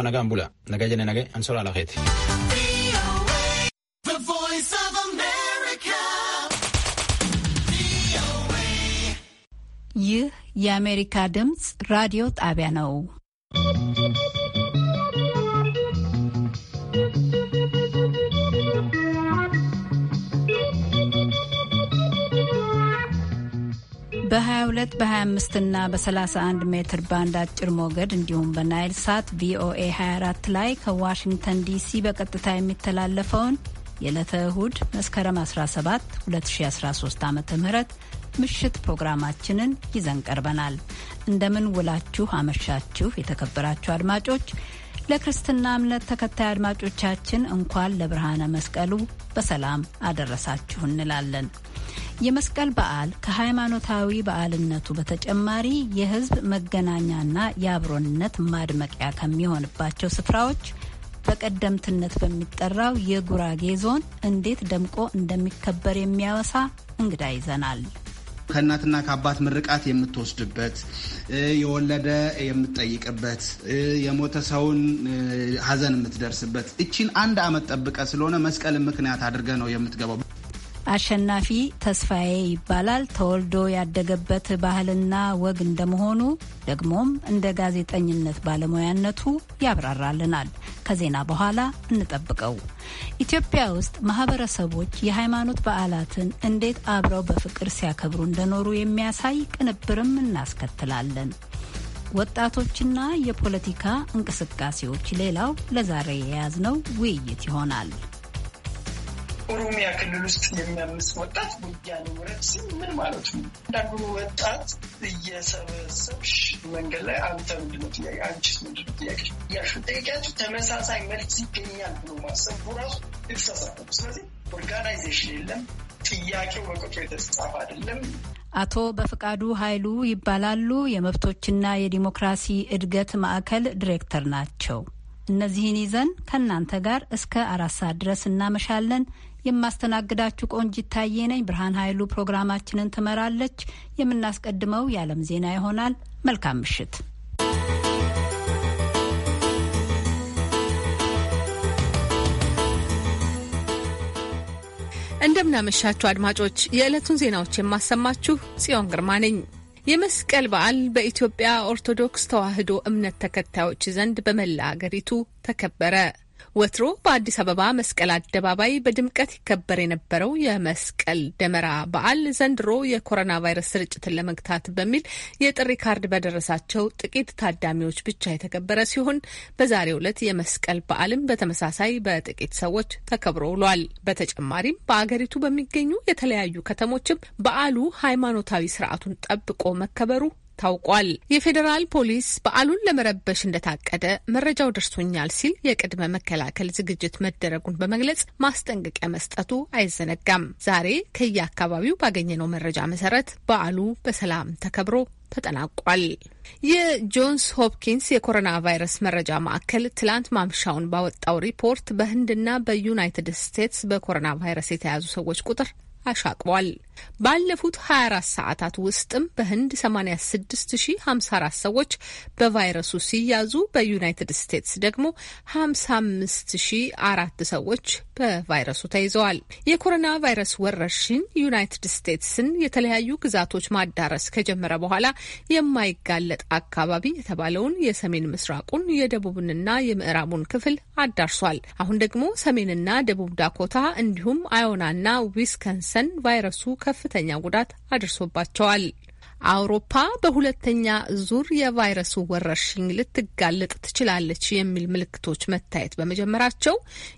Managan bula, nagaya nenage, ansola la gente. ይህ የአሜሪካ ድምፅ ራዲዮ ጣቢያ ነው። በ22 በ25 እና በ31 ሜትር ባንድ አጭር ሞገድ እንዲሁም በናይል ሳት ቪኦኤ 24 ላይ ከዋሽንግተን ዲሲ በቀጥታ የሚተላለፈውን የዕለተ እሁድ መስከረም 17 2013 ዓ ም ምሽት ፕሮግራማችንን ይዘን ቀርበናል። እንደምን ውላችሁ አመሻችሁ የተከበራችሁ አድማጮች። ለክርስትና እምነት ተከታይ አድማጮቻችን እንኳን ለብርሃነ መስቀሉ በሰላም አደረሳችሁ እንላለን። የመስቀል በዓል ከሃይማኖታዊ በዓልነቱ በተጨማሪ የህዝብ መገናኛና የአብሮነት ማድመቂያ ከሚሆንባቸው ስፍራዎች በቀደምትነት በሚጠራው የጉራጌ ዞን እንዴት ደምቆ እንደሚከበር የሚያወሳ እንግዳ ይዘናል። ከእናትና ከአባት ምርቃት የምትወስድበት፣ የወለደ የምትጠይቅበት፣ የሞተ ሰውን ሀዘን የምትደርስበት እቺን አንድ አመት ጠብቀ ስለሆነ መስቀልን ምክንያት አድርገ ነው የምትገባው። አሸናፊ ተስፋዬ ይባላል። ተወልዶ ያደገበት ባህልና ወግ እንደመሆኑ ደግሞም እንደ ጋዜጠኝነት ባለሙያነቱ ያብራራልናል። ከዜና በኋላ እንጠብቀው። ኢትዮጵያ ውስጥ ማህበረሰቦች የሃይማኖት በዓላትን እንዴት አብረው በፍቅር ሲያከብሩ እንደኖሩ የሚያሳይ ቅንብርም እናስከትላለን። ወጣቶችና የፖለቲካ እንቅስቃሴዎች ሌላው ለዛሬ የያዝነው ውይይት ይሆናል። ኦሮሚያ ክልል ውስጥ የሚያምስ ወጣት ወያኔ ውረድ ሲል ምን ማለት ነው? አንዳንዱ ወጣት እየሰበሰብሽ መንገድ ላይ አንተ ምንድነው ጥያቄ፣ አንቺስ ምንድነው ጥያቄ ያሹ ጥያቄያቸው ተመሳሳይ መልስ ይገኛል ብሎ ማሰቡ ራሱ የተሳሳተ ነው። ስለዚህ ኦርጋናይዜሽን የለም። ጥያቄው በቁጡ የተጻፈ አይደለም። አቶ በፍቃዱ ኃይሉ ይባላሉ። የመብቶችና የዲሞክራሲ እድገት ማዕከል ዲሬክተር ናቸው። እነዚህን ይዘን ከእናንተ ጋር እስከ አራት ሰዓት ድረስ እናመሻለን። የማስተናግዳችሁ ቆንጅ ይታየ ነኝ። ብርሃን ኃይሉ ፕሮግራማችንን ትመራለች። የምናስቀድመው የዓለም ዜና ይሆናል። መልካም ምሽት። እንደምናመሻችሁ አድማጮች፣ የዕለቱን ዜናዎች የማሰማችሁ ጽዮን ግርማ ነኝ። የመስቀል በዓል በኢትዮጵያ ኦርቶዶክስ ተዋሕዶ እምነት ተከታዮች ዘንድ በመላ አገሪቱ ተከበረ። ወትሮ በአዲስ አበባ መስቀል አደባባይ በድምቀት ይከበር የነበረው የመስቀል ደመራ በዓል ዘንድሮ የኮሮና ቫይረስ ስርጭትን ለመግታት በሚል የጥሪ ካርድ በደረሳቸው ጥቂት ታዳሚዎች ብቻ የተከበረ ሲሆን በዛሬው ዕለት የመስቀል በዓልም በተመሳሳይ በጥቂት ሰዎች ተከብሮ ውሏል። በተጨማሪም በአገሪቱ በሚገኙ የተለያዩ ከተሞችም በዓሉ ሃይማኖታዊ ስርዓቱን ጠብቆ መከበሩ ታውቋል። የፌዴራል ፖሊስ በዓሉን ለመረበሽ እንደታቀደ መረጃው ደርሶኛል ሲል የቅድመ መከላከል ዝግጅት መደረጉን በመግለጽ ማስጠንቀቂያ መስጠቱ አይዘነጋም። ዛሬ ከየአካባቢው ባገኘነው መረጃ መሰረት በዓሉ በሰላም ተከብሮ ተጠናቋል። የጆንስ ሆፕኪንስ የኮሮና ቫይረስ መረጃ ማዕከል ትላንት ማምሻውን ባወጣው ሪፖርት በህንድና በዩናይትድ ስቴትስ በኮሮና ቫይረስ የተያዙ ሰዎች ቁጥር አሻቅቧል። ባለፉት 24 ሰዓታት ውስጥም በህንድ 86054 ሰዎች በቫይረሱ ሲያዙ በዩናይትድ ስቴትስ ደግሞ 554 ሰዎች በቫይረሱ ተይዘዋል። የኮሮና ቫይረስ ወረርሽኝ ዩናይትድ ስቴትስን የተለያዩ ግዛቶች ማዳረስ ከጀመረ በኋላ የማይጋለጥ አካባቢ የተባለውን የሰሜን ምስራቁን የደቡብንና የምዕራቡን ክፍል አዳርሷል። አሁን ደግሞ ሰሜንና ደቡብ ዳኮታ እንዲሁም አዮናና ዊስከንሰን ቫይረሱ ከ ከፍተኛ ጉዳት አድርሶባቸዋል። አውሮፓ በሁለተኛ ዙር የቫይረሱ ወረርሽኝ ልትጋለጥ ትችላለች የሚል ምልክቶች መታየት በመጀመራቸው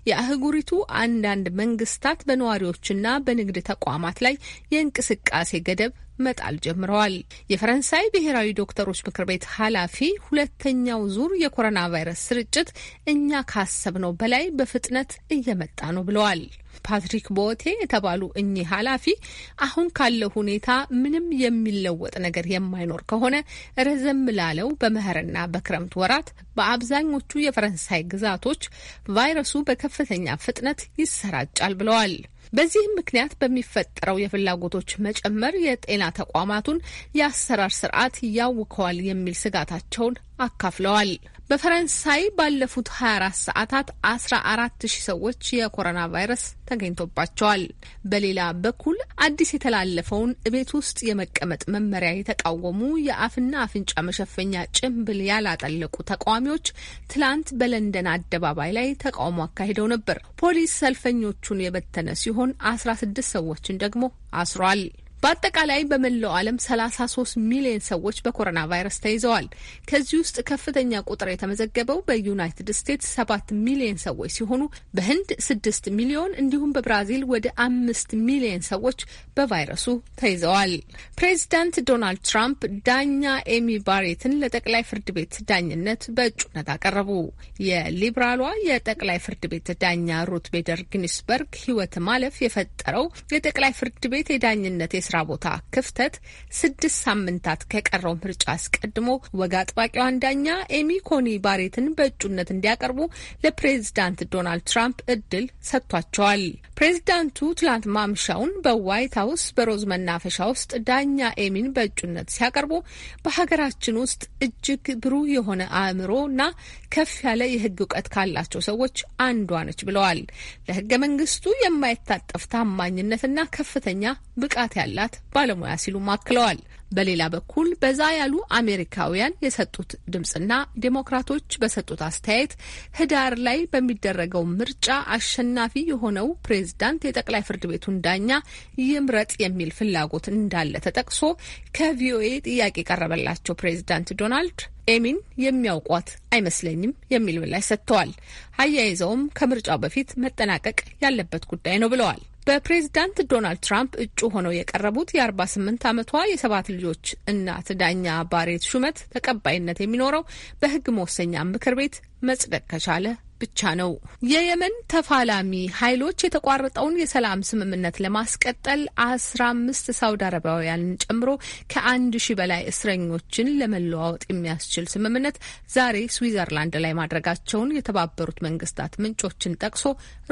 የአህጉሪቱ አንዳንድ መንግስታት በነዋሪዎችና በንግድ ተቋማት ላይ የእንቅስቃሴ ገደብ መጣል ጀምረዋል። የፈረንሳይ ብሔራዊ ዶክተሮች ምክር ቤት ኃላፊ ሁለተኛው ዙር የኮሮና ቫይረስ ስርጭት እኛ ካሰብነው በላይ በፍጥነት እየመጣ ነው ብለዋል። ፓትሪክ ቦቴ የተባሉ እኚህ ኃላፊ አሁን ካለው ሁኔታ ምንም የሚለወጥ ነገር የማይኖር ከሆነ ረዘም ላለው በመኸርና በክረምት ወራት በአብዛኞቹ የፈረንሳይ ግዛቶች ቫይረሱ በከፍተኛ ፍጥነት ይሰራጫል ብለዋል። በዚህም ምክንያት በሚፈጠረው የፍላጎቶች መጨመር የጤና ተቋማቱን የአሰራር ስርዓት ያውከዋል የሚል ስጋታቸውን አካፍለዋል። በፈረንሳይ ባለፉት 24 ሰዓታት 14 ሺህ ሰዎች የኮሮና ቫይረስ ተገኝቶባቸዋል። በሌላ በኩል አዲስ የተላለፈውን እቤት ውስጥ የመቀመጥ መመሪያ የተቃወሙ የአፍና አፍንጫ መሸፈኛ ጭንብል ያላጠለቁ ተቃዋሚዎች ትላንት በለንደን አደባባይ ላይ ተቃውሞ አካሂደው ነበር። ፖሊስ ሰልፈኞቹን የበተነ ሲሆን 16 ሰዎችን ደግሞ አስሯል። በአጠቃላይ በመላው ዓለም 33 ሚሊዮን ሰዎች በኮሮና ቫይረስ ተይዘዋል። ከዚህ ውስጥ ከፍተኛ ቁጥር የተመዘገበው በዩናይትድ ስቴትስ 7 ሚሊዮን ሰዎች ሲሆኑ በህንድ 6 ሚሊዮን እንዲሁም በብራዚል ወደ አምስት ሚሊዮን ሰዎች በቫይረሱ ተይዘዋል። ፕሬዚዳንት ዶናልድ ትራምፕ ዳኛ ኤሚ ባሬትን ለጠቅላይ ፍርድ ቤት ዳኝነት በእጩነት አቀረቡ። የሊብራሏ የጠቅላይ ፍርድ ቤት ዳኛ ሩት ቤደር ግኒስበርግ ህይወት ማለፍ የፈጠረው የጠቅላይ ፍርድ ቤት የዳኝነት የስራ ቦታ ክፍተት ስድስት ሳምንታት ከቀረው ምርጫ አስቀድሞ ወግ አጥባቂዋን ዳኛ ኤሚ ኮኒ ባሬትን በእጩነት እንዲያቀርቡ ለፕሬዝዳንት ዶናልድ ትራምፕ እድል ሰጥቷቸዋል። ፕሬዝዳንቱ ትላንት ማምሻውን በዋይት ሀውስ በሮዝ መናፈሻ ውስጥ ዳኛ ኤሚን በእጩነት ሲያቀርቡ በሀገራችን ውስጥ እጅግ ብሩህ የሆነ አእምሮና ከፍ ያለ የህግ እውቀት ካላቸው ሰዎች አንዷ ነች ብለዋል። ለህገ መንግስቱ የማይታጠፍ ታማኝነትና ከፍተኛ ብቃት ያላት ባለሙያ ሲሉም አክለዋል። በሌላ በኩል በዛ ያሉ አሜሪካውያን የሰጡት ድምፅና ዴሞክራቶች በሰጡት አስተያየት ህዳር ላይ በሚደረገው ምርጫ አሸናፊ የሆነው ፕሬዝዳንት የጠቅላይ ፍርድ ቤቱን ዳኛ ይምረጥ የሚል ፍላጎት እንዳለ ተጠቅሶ ከቪኦኤ ጥያቄ ቀረበላቸው። ፕሬዝዳንት ዶናልድ ኤሚን የሚያውቋት አይመስለኝም የሚል ምላሽ ሰጥተዋል። አያይዘውም ከምርጫው በፊት መጠናቀቅ ያለበት ጉዳይ ነው ብለዋል። በፕሬዝዳንት ዶናልድ ትራምፕ እጩ ሆነው የቀረቡት የ48 ዓመቷ የሰባት ልጆች እናት ዳኛ ባሬት ሹመት ተቀባይነት የሚኖረው በሕግ መወሰኛ ምክር ቤት መጽደቅ ከቻለ ብቻ ነው። የየመን ተፋላሚ ኃይሎች የተቋረጠውን የሰላም ስምምነት ለማስቀጠል አስራ አምስት ሳውዲ አረቢያውያንን ጨምሮ ከአንድ ሺህ በላይ እስረኞችን ለመለዋወጥ የሚያስችል ስምምነት ዛሬ ስዊዘርላንድ ላይ ማድረጋቸውን የተባበሩት መንግስታት ምንጮችን ጠቅሶ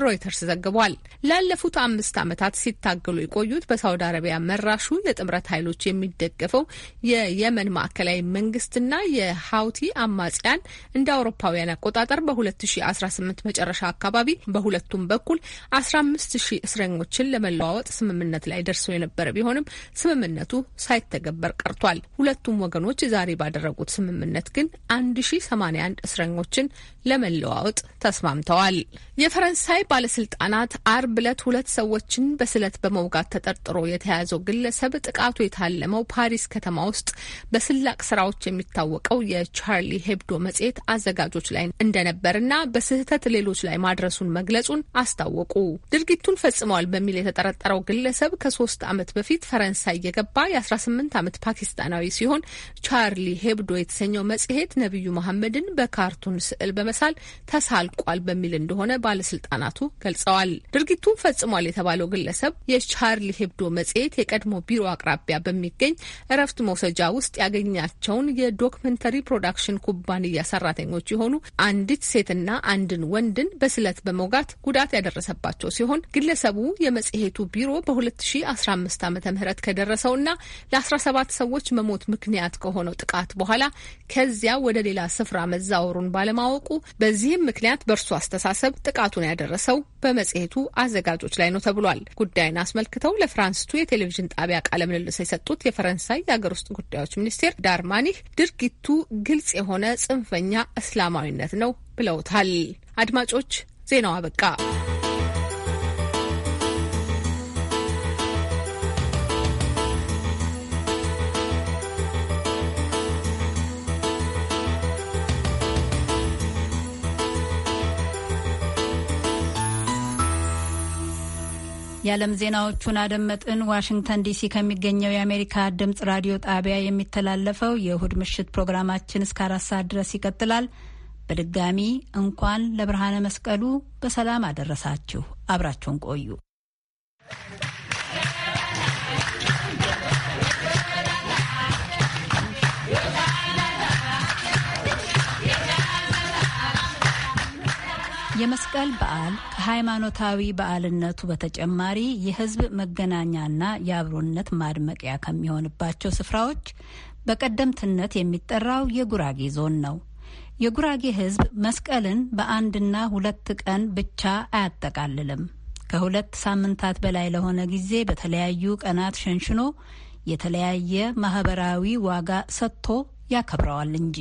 ሮይተርስ ዘግቧል። ላለፉት አምስት ዓመታት ሲታገሉ የቆዩት በሳውዲ አረቢያ መራሹ የጥምረት ኃይሎች የሚደገፈው የየመን ማዕከላዊ መንግስትና የሀውቲ አማጽያን እንደ አውሮፓውያን አቆጣጠር በ2010 2018 መጨረሻ አካባቢ በሁለቱም በኩል 15 ሺህ እስረኞችን ለመለዋወጥ ስምምነት ላይ ደርሰው የነበረ ቢሆንም ስምምነቱ ሳይተገበር ቀርቷል። ሁለቱም ወገኖች ዛሬ ባደረጉት ስምምነት ግን 1081 እስረኞችን ለመለዋወጥ ተስማምተዋል። የፈረንሳይ ባለስልጣናት አርብ ዕለት ሁለት ሰዎችን በስለት በመውጋት ተጠርጥሮ የተያዘው ግለሰብ ጥቃቱ የታለመው ፓሪስ ከተማ ውስጥ በስላቅ ስራዎች የሚታወቀው የቻርሊ ሄብዶ መጽሔት አዘጋጆች ላይ እንደነበርና በስህተት ሌሎች ላይ ማድረሱን መግለጹን አስታወቁ። ድርጊቱን ፈጽመዋል በሚል የተጠረጠረው ግለሰብ ከሶስት ዓመት በፊት ፈረንሳይ የገባ የ18 ዓመት ፓኪስታናዊ ሲሆን ቻርሊ ሄብዶ የተሰኘው መጽሔት ነቢዩ መሐመድን በካርቱን ስዕል በመሳል ተሳልቋል በሚል እንደሆነ ባለስልጣናቱ ገልጸዋል። ድርጊቱን ፈጽሟል የተባለው ግለሰብ የቻርሊ ሄብዶ መጽሔት የቀድሞ ቢሮ አቅራቢያ በሚገኝ እረፍት መውሰጃ ውስጥ ያገኛቸውን የዶክመንተሪ ፕሮዳክሽን ኩባንያ ሰራተኞች የሆኑ አንዲት ሴትና አንድን ወንድን በስለት በመውጋት ጉዳት ያደረሰባቸው ሲሆን ግለሰቡ የመጽሔቱ ቢሮ በ2015 ዓ ም ከደረሰውና ለ17 ሰዎች መሞት ምክንያት ከሆነው ጥቃት በኋላ ከዚያ ወደ ሌላ ስፍራ መዛወሩን ባለማወቁ በዚህም ምክንያት በእርሱ አስተሳሰብ ጥቃቱን ያደረሰው በመጽሔቱ አዘጋጆች ላይ ነው ተብሏል። ጉዳይን አስመልክተው ለፍራንስ ቱ የቴሌቪዥን ጣቢያ ቃለ ምልልስ የሰጡት የፈረንሳይ የአገር ውስጥ ጉዳዮች ሚኒስቴር ዳርማኒህ ድርጊቱ ግልጽ የሆነ ጽንፈኛ እስላማዊነት ነው ብለውታል። አድማጮች ዜናው አበቃ። የዓለም ዜናዎቹን አደመጥን። ዋሽንግተን ዲሲ ከሚገኘው የአሜሪካ ድምፅ ራዲዮ ጣቢያ የሚተላለፈው የእሁድ ምሽት ፕሮግራማችን እስከ አራት ሰዓት ድረስ ይቀጥላል። በድጋሚ እንኳን ለብርሃነ መስቀሉ በሰላም አደረሳችሁ። አብራችሁን ቆዩ። የመስቀል በዓል ከሃይማኖታዊ በዓልነቱ በተጨማሪ የሕዝብ መገናኛና የአብሮነት ማድመቂያ ከሚሆንባቸው ስፍራዎች በቀደምትነት የሚጠራው የጉራጌ ዞን ነው። የጉራጌ ሕዝብ መስቀልን በአንድና ሁለት ቀን ብቻ አያጠቃልልም። ከሁለት ሳምንታት በላይ ለሆነ ጊዜ በተለያዩ ቀናት ሸንሽኖ የተለያየ ማህበራዊ ዋጋ ሰጥቶ ያከብረዋል እንጂ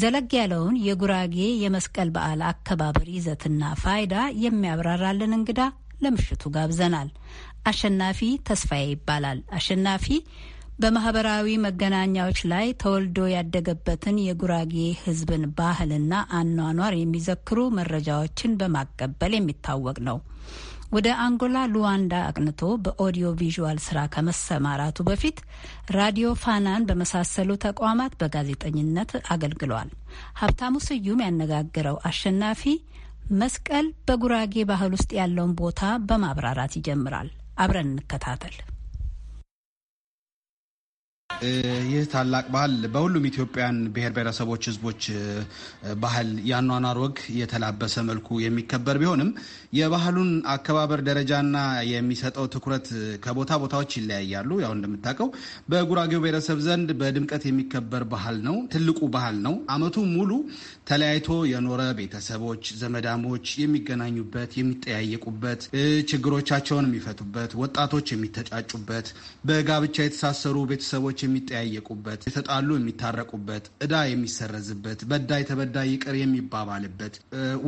ዘለግ ያለውን የጉራጌ የመስቀል በዓል አከባበር ይዘትና ፋይዳ የሚያብራራልን እንግዳ ለምሽቱ ጋብዘናል። አሸናፊ ተስፋዬ ይባላል። አሸናፊ በማህበራዊ መገናኛዎች ላይ ተወልዶ ያደገበትን የጉራጌ ሕዝብን ባህልና አኗኗር የሚዘክሩ መረጃዎችን በማቀበል የሚታወቅ ነው። ወደ አንጎላ ሉዋንዳ አቅንቶ በኦዲዮ ቪዥዋል ስራ ከመሰማራቱ በፊት ራዲዮ ፋናን በመሳሰሉ ተቋማት በጋዜጠኝነት አገልግሏል። ሀብታሙ ስዩም ያነጋገረው አሸናፊ መስቀል በጉራጌ ባህል ውስጥ ያለውን ቦታ በማብራራት ይጀምራል። አብረን እንከታተል። ይህ ታላቅ ባህል በሁሉም ኢትዮጵያን ብሔር ብሔረሰቦች፣ ህዝቦች ባህል ያኗኗር ወግ የተላበሰ መልኩ የሚከበር ቢሆንም የባህሉን አከባበር ደረጃና የሚሰጠው ትኩረት ከቦታ ቦታዎች ይለያያሉ። ያው እንደምታውቀው በጉራጌው ብሔረሰብ ዘንድ በድምቀት የሚከበር ባህል ነው። ትልቁ ባህል ነው። አመቱ ሙሉ ተለያይቶ የኖረ ቤተሰቦች፣ ዘመዳሞች የሚገናኙበት፣ የሚጠያየቁበት፣ ችግሮቻቸውን የሚፈቱበት፣ ወጣቶች የሚተጫጩበት፣ በጋብቻ የተሳሰሩ ቤተሰቦች የሚጠያየቁበት፣ የተጣሉ የሚታረቁበት፣ እዳ የሚሰረዝበት፣ በዳይ ተበዳይ ይቅር የሚባባልበት፣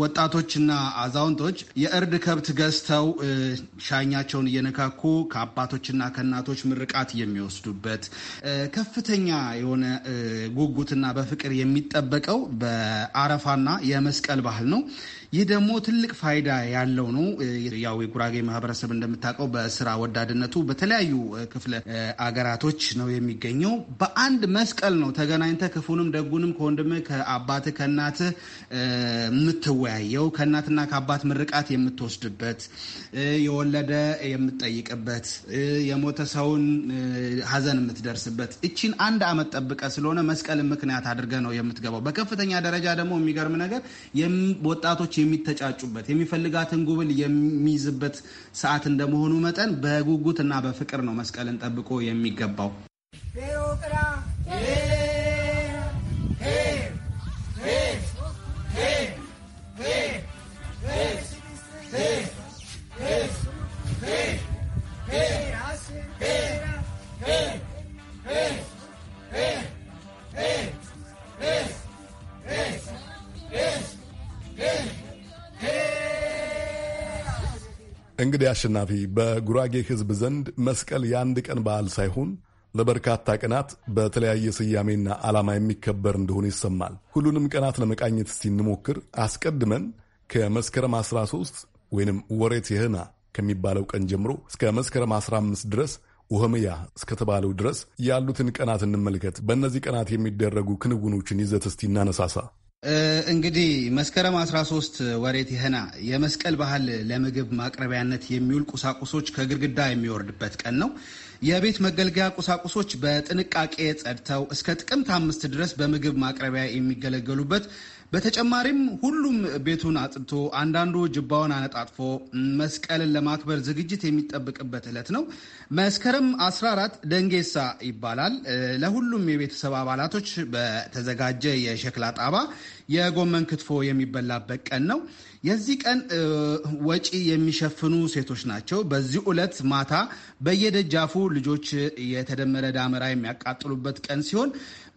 ወጣቶችና አዛውንቶች የእርድ ከብት ገዝተው ሻኛቸውን እየነካኩ ከአባቶችና ከእናቶች ምርቃት የሚወስዱበት ከፍተኛ የሆነ ጉጉትና በፍቅር የሚጠበቀው የአረፋና የመስቀል ባህል ነው። ይህ ደግሞ ትልቅ ፋይዳ ያለው ነው። ያው የጉራጌ ማህበረሰብ እንደምታውቀው በስራ ወዳድነቱ በተለያዩ ክፍለ አገራቶች ነው የሚገኘው። በአንድ መስቀል ነው ተገናኝተ ክፉንም ደጉንም ከወንድም ከአባት ከእናት የምትወያየው ከእናትና ከአባት ምርቃት የምትወስድበት የወለደ የምትጠይቅበት የሞተ ሰውን ሀዘን የምትደርስበት እቺን አንድ አመት ጠብቀ ስለሆነ መስቀልን ምክንያት አድርገ ነው የምትገባው። በከፍተኛ ደረጃ ደግሞ የሚገርም ነገር ወጣቶች የሚተጫጩበት የሚፈልጋትን ጉብል የሚይዝበት ሰዓት እንደመሆኑ መጠን በጉጉት እና በፍቅር ነው መስቀልን ጠብቆ የሚገባው። Yeah. እንግዲህ አሸናፊ በጉራጌ ሕዝብ ዘንድ መስቀል የአንድ ቀን በዓል ሳይሆን ለበርካታ ቀናት በተለያየ ስያሜና ዓላማ የሚከበር እንደሆነ ይሰማል። ሁሉንም ቀናት ለመቃኘት ሲንሞክር አስቀድመን ከመስከረም 13 ወይንም ወሬት የህና ከሚባለው ቀን ጀምሮ እስከ መስከረም 15 ድረስ ውህምያ እስከተባለው ድረስ ያሉትን ቀናት እንመልከት። በእነዚህ ቀናት የሚደረጉ ክንውኖችን ይዘት እስቲ እናነሳሳ። እንግዲህ መስከረም 13 ወሬ ትህና የመስቀል ባህል ለምግብ ማቅረቢያነት የሚውል ቁሳቁሶች ከግድግዳ የሚወርድበት ቀን ነው። የቤት መገልገያ ቁሳቁሶች በጥንቃቄ ጸድተው እስከ ጥቅምት አምስት ድረስ በምግብ ማቅረቢያ የሚገለገሉበት በተጨማሪም ሁሉም ቤቱን አጥቶ አንዳንዱ ጅባውን አነጣጥፎ መስቀልን ለማክበር ዝግጅት የሚጠብቅበት ዕለት ነው። መስከረም 14 ደንጌሳ ይባላል። ለሁሉም የቤተሰብ አባላቶች በተዘጋጀ የሸክላ ጣባ የጎመን ክትፎ የሚበላበት ቀን ነው። የዚህ ቀን ወጪ የሚሸፍኑ ሴቶች ናቸው። በዚህ ዕለት ማታ በየደጃፉ ልጆች የተደመረ ዳመራ የሚያቃጥሉበት ቀን ሲሆን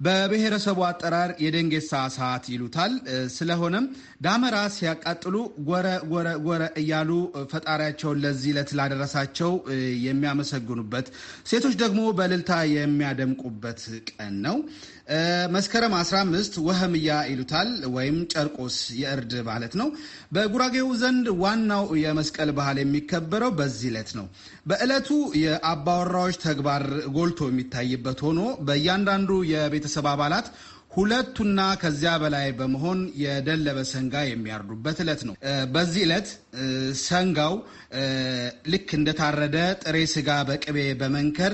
በብሔረሰቡ አጠራር የደንጌሳ ሰዓት ይሉታል። ስለሆነም ዳመራ ሲያቃጥሉ ጎረ ጎረ ጎረ እያሉ ፈጣሪያቸውን ለዚህ ዕለት ላደረሳቸው የሚያመሰግኑበት፣ ሴቶች ደግሞ በልልታ የሚያደምቁበት ቀን ነው። መስከረም 15 ወህምያ ይሉታል ወይም ጨርቆስ የእርድ ማለት ነው። በጉራጌው ዘንድ ዋናው የመስቀል ባህል የሚከበረው በዚህ ዕለት ነው። በዕለቱ የአባወራዎች ተግባር ጎልቶ የሚታይበት ሆኖ በእያንዳንዱ የቤተሰብ አባላት ሁለቱና ከዚያ በላይ በመሆን የደለበ ሰንጋ የሚያርዱበት ዕለት ነው። በዚህ ዕለት ሰንጋው ልክ እንደታረደ ጥሬ ስጋ በቅቤ በመንከር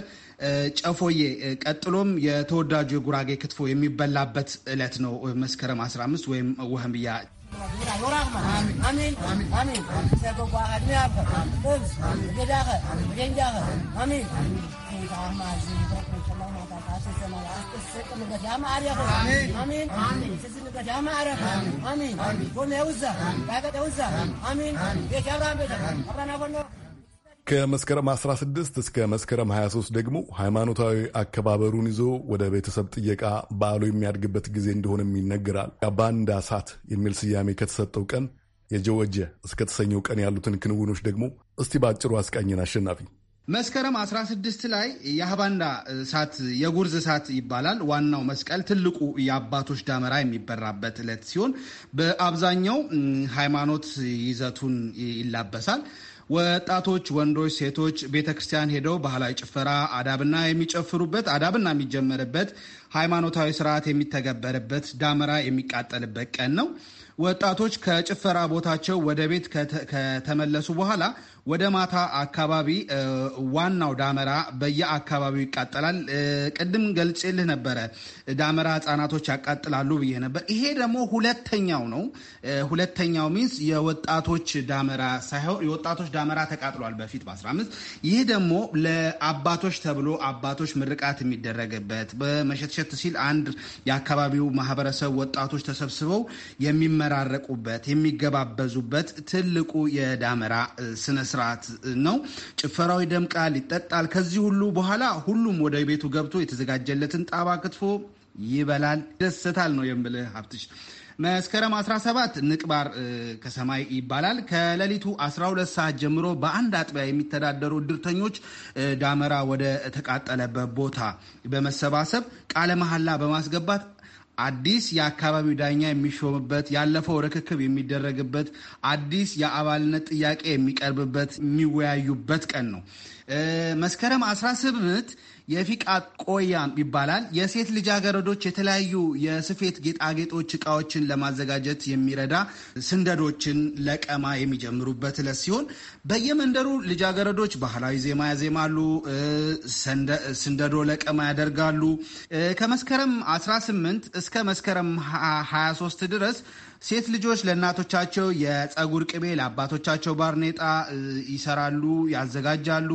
ጨፎዬ ቀጥሎም የተወዳጁ የጉራጌ ክትፎ የሚበላበት ዕለት ነው መስከረም 15 ወይም ወህምያ። ከመስከረም 16 እስከ መስከረም 23 ደግሞ ሃይማኖታዊ አከባበሩን ይዞ ወደ ቤተሰብ ጥየቃ በዓሉ የሚያድግበት ጊዜ እንደሆነም ይነገራል። የአባንዳ ሳት የሚል ስያሜ ከተሰጠው ቀን የጀወጀ እስከተሰኘው ቀን ያሉትን ክንውኖች ደግሞ እስቲ በአጭሩ አስቃኝን አሸናፊ። መስከረም 16 ላይ የአባንዳ እሳት የጉርዝ እሳት ይባላል። ዋናው መስቀል ትልቁ የአባቶች ዳመራ የሚበራበት ዕለት ሲሆን በአብዛኛው ሃይማኖት ይዘቱን ይላበሳል። ወጣቶች፣ ወንዶች፣ ሴቶች ቤተ ክርስቲያን ሄደው ባህላዊ ጭፈራ አዳብና የሚጨፍሩበት አዳብና የሚጀመርበት ሃይማኖታዊ ስርዓት የሚተገበርበት ዳመራ የሚቃጠልበት ቀን ነው። ወጣቶች ከጭፈራ ቦታቸው ወደ ቤት ከተመለሱ በኋላ ወደ ማታ አካባቢ ዋናው ዳመራ በየአካባቢው ይቃጠላል። ቅድም ገልጬልህ ነበረ ዳመራ ህጻናቶች ያቃጥላሉ ብዬ ነበር። ይሄ ደግሞ ሁለተኛው ነው። ሁለተኛው ሚንስ የወጣቶች ዳመራ ሳይሆን የወጣቶች ዳመራ ተቃጥሏል በፊት በ15 ይህ ደግሞ ለአባቶች ተብሎ አባቶች ምርቃት የሚደረግበት በመሸትሸት ሲል አንድ የአካባቢው ማህበረሰብ ወጣቶች ተሰብስበው የሚመራረቁበት የሚገባበዙበት ትልቁ የዳመራ ስነ ስርዓት ነው። ጭፈራው ይደምቃል፣ ይጠጣል። ከዚህ ሁሉ በኋላ ሁሉም ወደ ቤቱ ገብቶ የተዘጋጀለትን ጣባ ክትፎ ይበላል፣ ይደሰታል ነው የምልህ ሀብትሽ። መስከረም 17 ንቅባር ከሰማይ ይባላል። ከሌሊቱ 12 ሰዓት ጀምሮ በአንድ አጥቢያ የሚተዳደሩ እድርተኞች ዳመራ ወደ ተቃጠለበት ቦታ በመሰባሰብ ቃለ መሐላ በማስገባት አዲስ የአካባቢው ዳኛ የሚሾምበት፣ ያለፈው ርክክብ የሚደረግበት፣ አዲስ የአባልነት ጥያቄ የሚቀርብበት፣ የሚወያዩበት ቀን ነው መስከረም 18 የፊቃ ቆያም ይባላል። የሴት ልጃገረዶች የተለያዩ የስፌት ጌጣጌጦች እቃዎችን ለማዘጋጀት የሚረዳ ስንደዶችን ለቀማ የሚጀምሩበት ዕለት ሲሆን በየመንደሩ ልጃገረዶች ባህላዊ ዜማ ያዜማሉ፣ ስንደዶ ለቀማ ያደርጋሉ። ከመስከረም 18 እስከ መስከረም 23 ድረስ ሴት ልጆች ለእናቶቻቸው የጸጉር ቅቤ፣ ለአባቶቻቸው ባርኔጣ ይሰራሉ፣ ያዘጋጃሉ።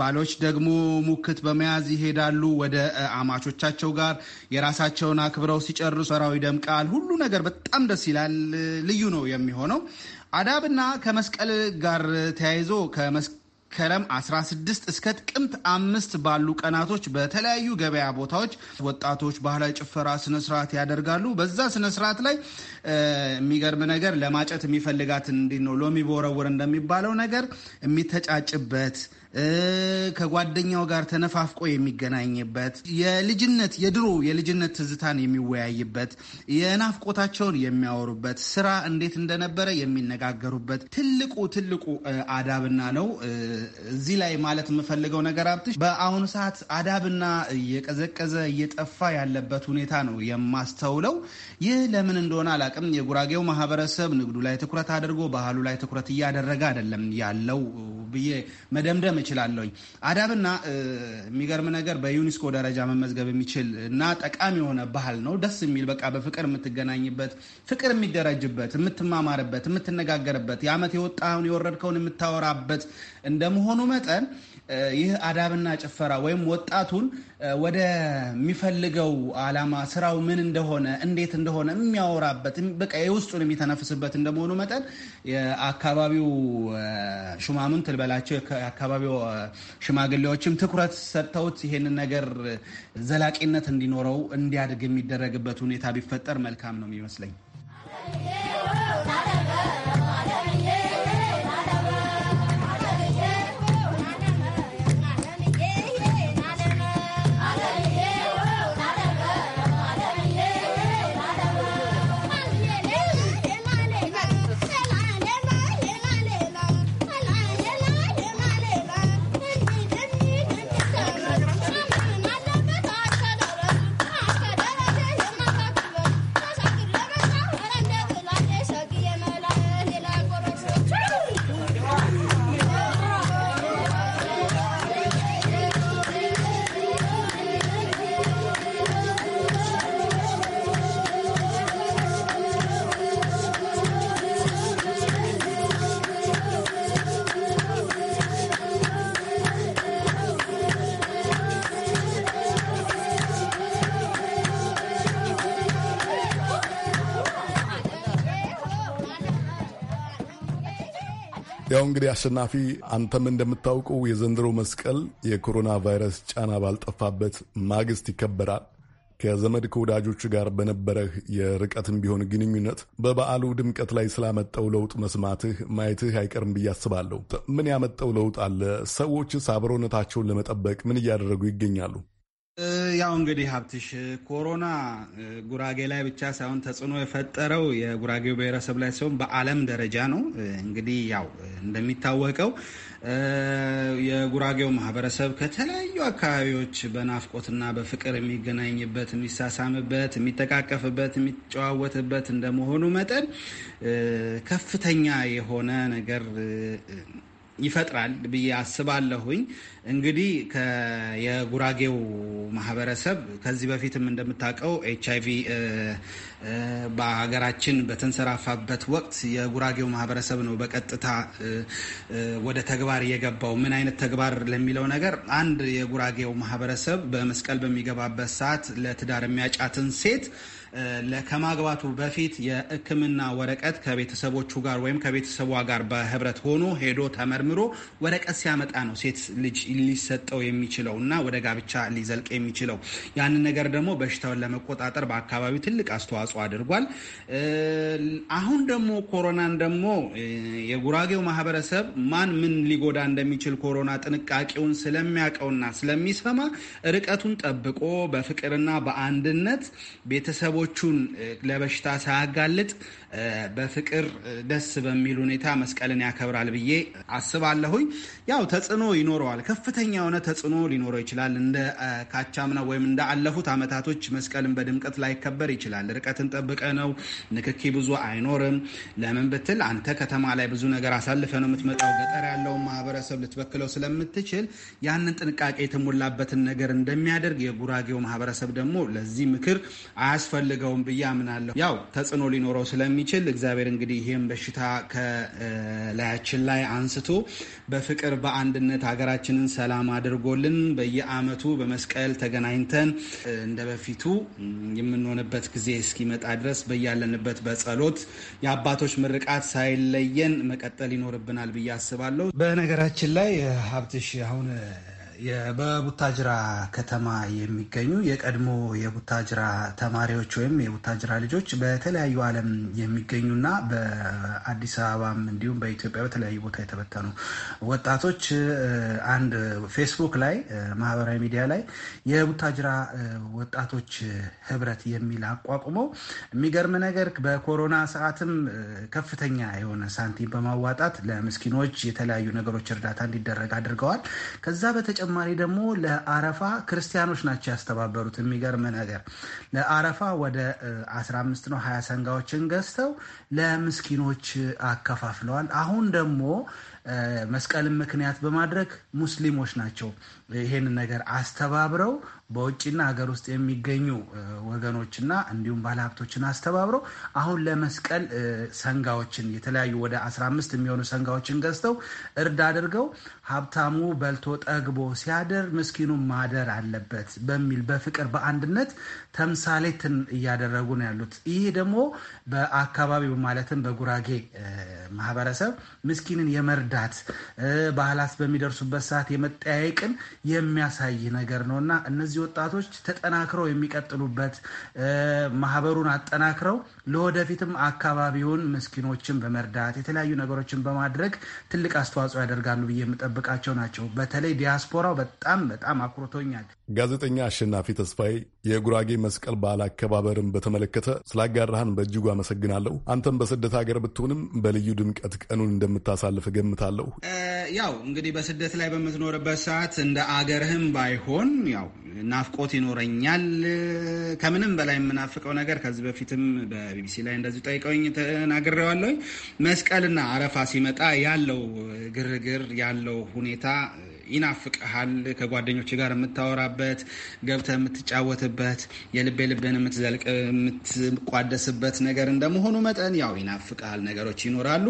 ባሎች ደግሞ ሙክት በመያዝ ይሄዳሉ ወደ አማቾቻቸው ጋር የራሳቸውን አክብረው ሲጨርሱ ሰራው ይደምቃል። ሁሉ ነገር በጣም ደስ ይላል። ልዩ ነው የሚሆነው አዳብና ከመስቀል ጋር ተያይዞ ከረም 16 እስከ ጥቅምት አምስት ባሉ ቀናቶች በተለያዩ ገበያ ቦታዎች ወጣቶች ባህላዊ ጭፈራ ስነስርዓት ያደርጋሉ። በዛ ስነስርዓት ላይ የሚገርም ነገር ለማጨት የሚፈልጋት እንዲ ነው ሎሚ በወረውር እንደሚባለው ነገር የሚተጫጭበት ከጓደኛው ጋር ተነፋፍቆ የሚገናኝበት የልጅነት የድሮ የልጅነት ትዝታን የሚወያይበት የናፍቆታቸውን የሚያወሩበት ስራ እንዴት እንደነበረ የሚነጋገሩበት ትልቁ ትልቁ አዳብና ነው። እዚህ ላይ ማለት የምፈልገው ነገር አብትሽ በአሁኑ ሰዓት አዳብና እየቀዘቀዘ እየጠፋ ያለበት ሁኔታ ነው የማስተውለው። ይህ ለምን እንደሆነ አላቅም። የጉራጌው ማህበረሰብ ንግዱ ላይ ትኩረት አድርጎ ባህሉ ላይ ትኩረት እያደረገ አይደለም ያለው ብዬ መደምደም እችላለሁኝ። አዳብና የሚገርም ነገር በዩኒስኮ ደረጃ መመዝገብ የሚችል እና ጠቃሚ የሆነ ባህል ነው። ደስ የሚል በቃ በፍቅር የምትገናኝበት፣ ፍቅር የሚደረጅበት፣ የምትማማርበት፣ የምትነጋገርበት፣ የዓመት የወጣውን የወረድከውን የምታወራበት እንደመሆኑ መጠን ይህ አዳብና ጭፈራ ወይም ወጣቱን ወደሚፈልገው አላማ ስራው ምን እንደሆነ እንዴት እንደሆነ የሚያወራበት በቃ የውስጡን የሚተነፍስበት እንደመሆኑ መጠን የአካባቢው ሹማምንት ልበላቸው የአካባቢው ሽማግሌዎችም ትኩረት ሰጥተውት ይሄንን ነገር ዘላቂነት እንዲኖረው እንዲያድግ የሚደረግበት ሁኔታ ቢፈጠር መልካም ነው የሚመስለኝ። እንግዲህ አሸናፊ፣ አንተም እንደምታውቀው የዘንድሮ መስቀል የኮሮና ቫይረስ ጫና ባልጠፋበት ማግስት ይከበራል። ከዘመድ ከወዳጆች ጋር በነበረህ የርቀትም ቢሆን ግንኙነት በበዓሉ ድምቀት ላይ ስላመጣው ለውጥ መስማትህ ማየትህ አይቀርም ብዬ አስባለሁ። ምን ያመጣው ለውጥ አለ? ሰዎችስ አብሮነታቸውን ለመጠበቅ ምን እያደረጉ ይገኛሉ? ያው እንግዲህ ሀብትሽ ኮሮና ጉራጌ ላይ ብቻ ሳይሆን ተጽዕኖ የፈጠረው የጉራጌው ብሔረሰብ ላይ ሲሆን በዓለም ደረጃ ነው። እንግዲህ ያው እንደሚታወቀው የጉራጌው ማህበረሰብ ከተለያዩ አካባቢዎች በናፍቆትና በፍቅር የሚገናኝበት፣ የሚሳሳምበት፣ የሚጠቃቀፍበት፣ የሚጨዋወትበት እንደመሆኑ መጠን ከፍተኛ የሆነ ነገር ይፈጥራል ብዬ አስባለሁኝ። እንግዲህ የጉራጌው ማህበረሰብ ከዚህ በፊትም እንደምታውቀው ኤች አይቪ በሀገራችን በተንሰራፋበት ወቅት የጉራጌው ማህበረሰብ ነው በቀጥታ ወደ ተግባር የገባው። ምን አይነት ተግባር ለሚለው ነገር አንድ የጉራጌው ማህበረሰብ በመስቀል በሚገባበት ሰዓት ለትዳር የሚያጫትን ሴት ከማግባቱ በፊት የሕክምና ወረቀት ከቤተሰቦቹ ጋር ወይም ከቤተሰቧ ጋር በህብረት ሆኖ ሄዶ ተመርምሮ ወረቀት ሲያመጣ ነው ሴት ልጅ ሊሰጠው የሚችለው እና ወደ ጋብቻ ሊዘልቅ የሚችለው። ያንን ነገር ደግሞ በሽታውን ለመቆጣጠር በአካባቢው ትልቅ አስተዋጽኦ አድርጓል። አሁን ደግሞ ኮሮናን ደግሞ የጉራጌው ማህበረሰብ ማን ምን ሊጎዳ እንደሚችል ኮሮና ጥንቃቄውን ስለሚያውቀውና ስለሚሰማ ርቀቱን ጠብቆ በፍቅርና በአንድነት ቤተሰቦ ሰዎቹን ለበሽታ ሳያጋልጥ በፍቅር ደስ በሚል ሁኔታ መስቀልን ያከብራል ብዬ አስባለሁኝ። ያው ተጽዕኖ ይኖረዋል፣ ከፍተኛ የሆነ ተጽዕኖ ሊኖረው ይችላል። እንደ ካቻምና ወይም እንደ አለፉት አመታቶች መስቀልን በድምቀት ላይከበር ይችላል። ርቀትን ጠብቀ ነው፣ ንክኪ ብዙ አይኖርም። ለምን ብትል አንተ ከተማ ላይ ብዙ ነገር አሳልፈ ነው የምትመጣው። ገጠር ያለውን ማህበረሰብ ልትበክለው ስለምትችል ያንን ጥንቃቄ የተሞላበትን ነገር እንደሚያደርግ የጉራጌው ማህበረሰብ ደግሞ ለዚህ ምክር አያስፈልገውም ብዬ አምናለሁ። ያው ተጽዕኖ ሊኖረው ስለሚ ስለሚችል እግዚአብሔር እንግዲህ ይህም በሽታ ከላያችን ላይ አንስቶ በፍቅር በአንድነት ሀገራችንን ሰላም አድርጎልን በየአመቱ በመስቀል ተገናኝተን እንደ በፊቱ የምንሆንበት ጊዜ እስኪመጣ ድረስ በያለንበት በጸሎት የአባቶች ምርቃት ሳይለየን መቀጠል ይኖርብናል ብዬ አስባለሁ። በነገራችን ላይ ሀብትሽ አሁን በቡታጅራ ከተማ የሚገኙ የቀድሞ የቡታጅራ ተማሪዎች ወይም የቡታጅራ ልጆች በተለያዩ ዓለም የሚገኙና በአዲስ አበባም እንዲሁም በኢትዮጵያ በተለያዩ ቦታ የተበተኑ ወጣቶች አንድ ፌስቡክ ላይ ማህበራዊ ሚዲያ ላይ የቡታጅራ ወጣቶች ህብረት የሚል አቋቁመው የሚገርም ነገር በኮሮና ሰዓትም ከፍተኛ የሆነ ሳንቲም በማዋጣት ለምስኪኖች የተለያዩ ነገሮች እርዳታ እንዲደረግ አድርገዋል። ከዛ በተጨ በተጨማሪ ደግሞ ለአረፋ ክርስቲያኖች ናቸው ያስተባበሩት። የሚገርም ነገር ለአረፋ ወደ 15 ነው 20 ሰንጋዎችን ገዝተው ለምስኪኖች አከፋፍለዋል። አሁን ደግሞ መስቀልን ምክንያት በማድረግ ሙስሊሞች ናቸው ይህን ነገር አስተባብረው በውጭና ሀገር ውስጥ የሚገኙ ወገኖችና እንዲሁም ባለሀብቶችን አስተባብረው አሁን ለመስቀል ሰንጋዎችን የተለያዩ ወደ 15 የሚሆኑ ሰንጋዎችን ገዝተው እርድ አድርገው ሀብታሙ በልቶ ጠግቦ ሲያደር ምስኪኑ ማደር አለበት በሚል በፍቅር በአንድነት ተምሳሌትን እያደረጉ ነው ያሉት። ይህ ደግሞ በአካባቢው ማለትም በጉራጌ ማህበረሰብ ምስኪንን የመርዳት ባህላት በሚደርሱበት ሰዓት የመጠያየቅን የሚያሳይ ነገር ነው እና እነዚህ ወጣቶች ተጠናክረው የሚቀጥሉበት ማህበሩን አጠናክረው ለወደፊትም አካባቢውን ምስኪኖችን በመርዳት የተለያዩ ነገሮችን በማድረግ ትልቅ አስተዋጽኦ ያደርጋሉ ብዬ የምጠብቅ የሚጠብቃቸው ናቸው። በተለይ ዲያስፖራው በጣም በጣም አኩርቶኛል። ጋዜጠኛ አሸናፊ ተስፋዬ የጉራጌ መስቀል በዓል አከባበርን በተመለከተ ስላጋራህን በእጅጉ አመሰግናለሁ። አንተም በስደት ሀገር ብትሆንም በልዩ ድምቀት ቀኑን እንደምታሳልፍ ገምታለሁ። ያው እንግዲህ በስደት ላይ በምትኖርበት ሰዓት እንደ አገርህም ባይሆን ያው ናፍቆት ይኖረኛል። ከምንም በላይ የምናፍቀው ነገር ከዚህ በፊትም በቢቢሲ ላይ እንደዚሁ ጠይቀውኝ ተናግሬዋለሁ። መስቀልና አረፋ ሲመጣ ያለው ግርግር ያለው ሁኔታ ይናፍቀሃል። ከጓደኞች ጋር የምታወራበት ገብተ የምትጫወትበት የልቤ ልብን የምትዘልቅ የምትቋደስበት ነገር እንደመሆኑ መጠን ያው ይናፍቀሃል። ነገሮች ይኖራሉ።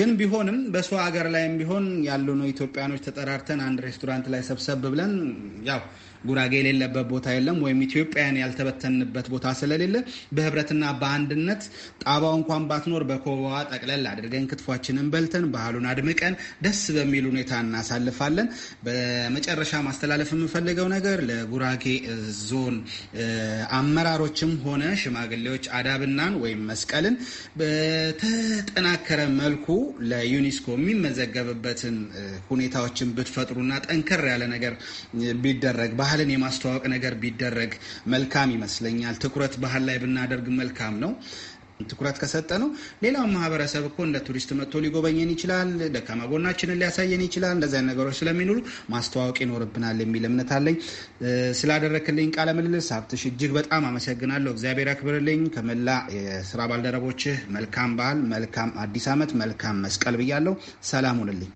ግን ቢሆንም በሰው ሀገር ላይም ቢሆን ያሉ ኢትዮጵያኖች ተጠራርተን አንድ ሬስቶራንት ላይ ሰብሰብ ብለን ያው ጉራጌ የሌለበት ቦታ የለም፣ ወይም ኢትዮጵያን ያልተበተንበት ቦታ ስለሌለ በህብረትና በአንድነት ጣባው እንኳን ባትኖር በኮባዋ ጠቅለል አድርገን ክትፏችንን በልተን ባህሉን አድምቀን ደስ በሚል ሁኔታ እናሳልፋለን። በመጨረሻ ማስተላለፍ የምፈልገው ነገር ለጉራጌ ዞን አመራሮችም ሆነ ሽማግሌዎች አዳብናን ወይም መስቀልን በተጠናከረ መልኩ ለዩኒስኮ የሚመዘገብበትን ሁኔታዎችን ብትፈጥሩና ጠንከር ያለ ነገር ቢደረግ ባህልን የማስተዋወቅ ነገር ቢደረግ መልካም ይመስለኛል። ትኩረት ባህል ላይ ብናደርግ መልካም ነው። ትኩረት ከሰጠ ነው። ሌላው ማህበረሰብ እኮ እንደ ቱሪስት መጥቶ ሊጎበኘን ይችላል። ደካማ ጎናችንን ሊያሳየን ይችላል። እንደዚ ነገሮች ስለሚኖሩ ማስተዋወቅ ይኖርብናል የሚል እምነት አለኝ። ስላደረክልኝ ቃለ ምልልስ ሀብትሽ እጅግ በጣም አመሰግናለሁ። እግዚአብሔር አክብርልኝ ከመላ የስራ ባልደረቦችህ መልካም በዓል፣ መልካም አዲስ ዓመት፣ መልካም መስቀል ብያለሁ። ሰላም ሁንልኝ።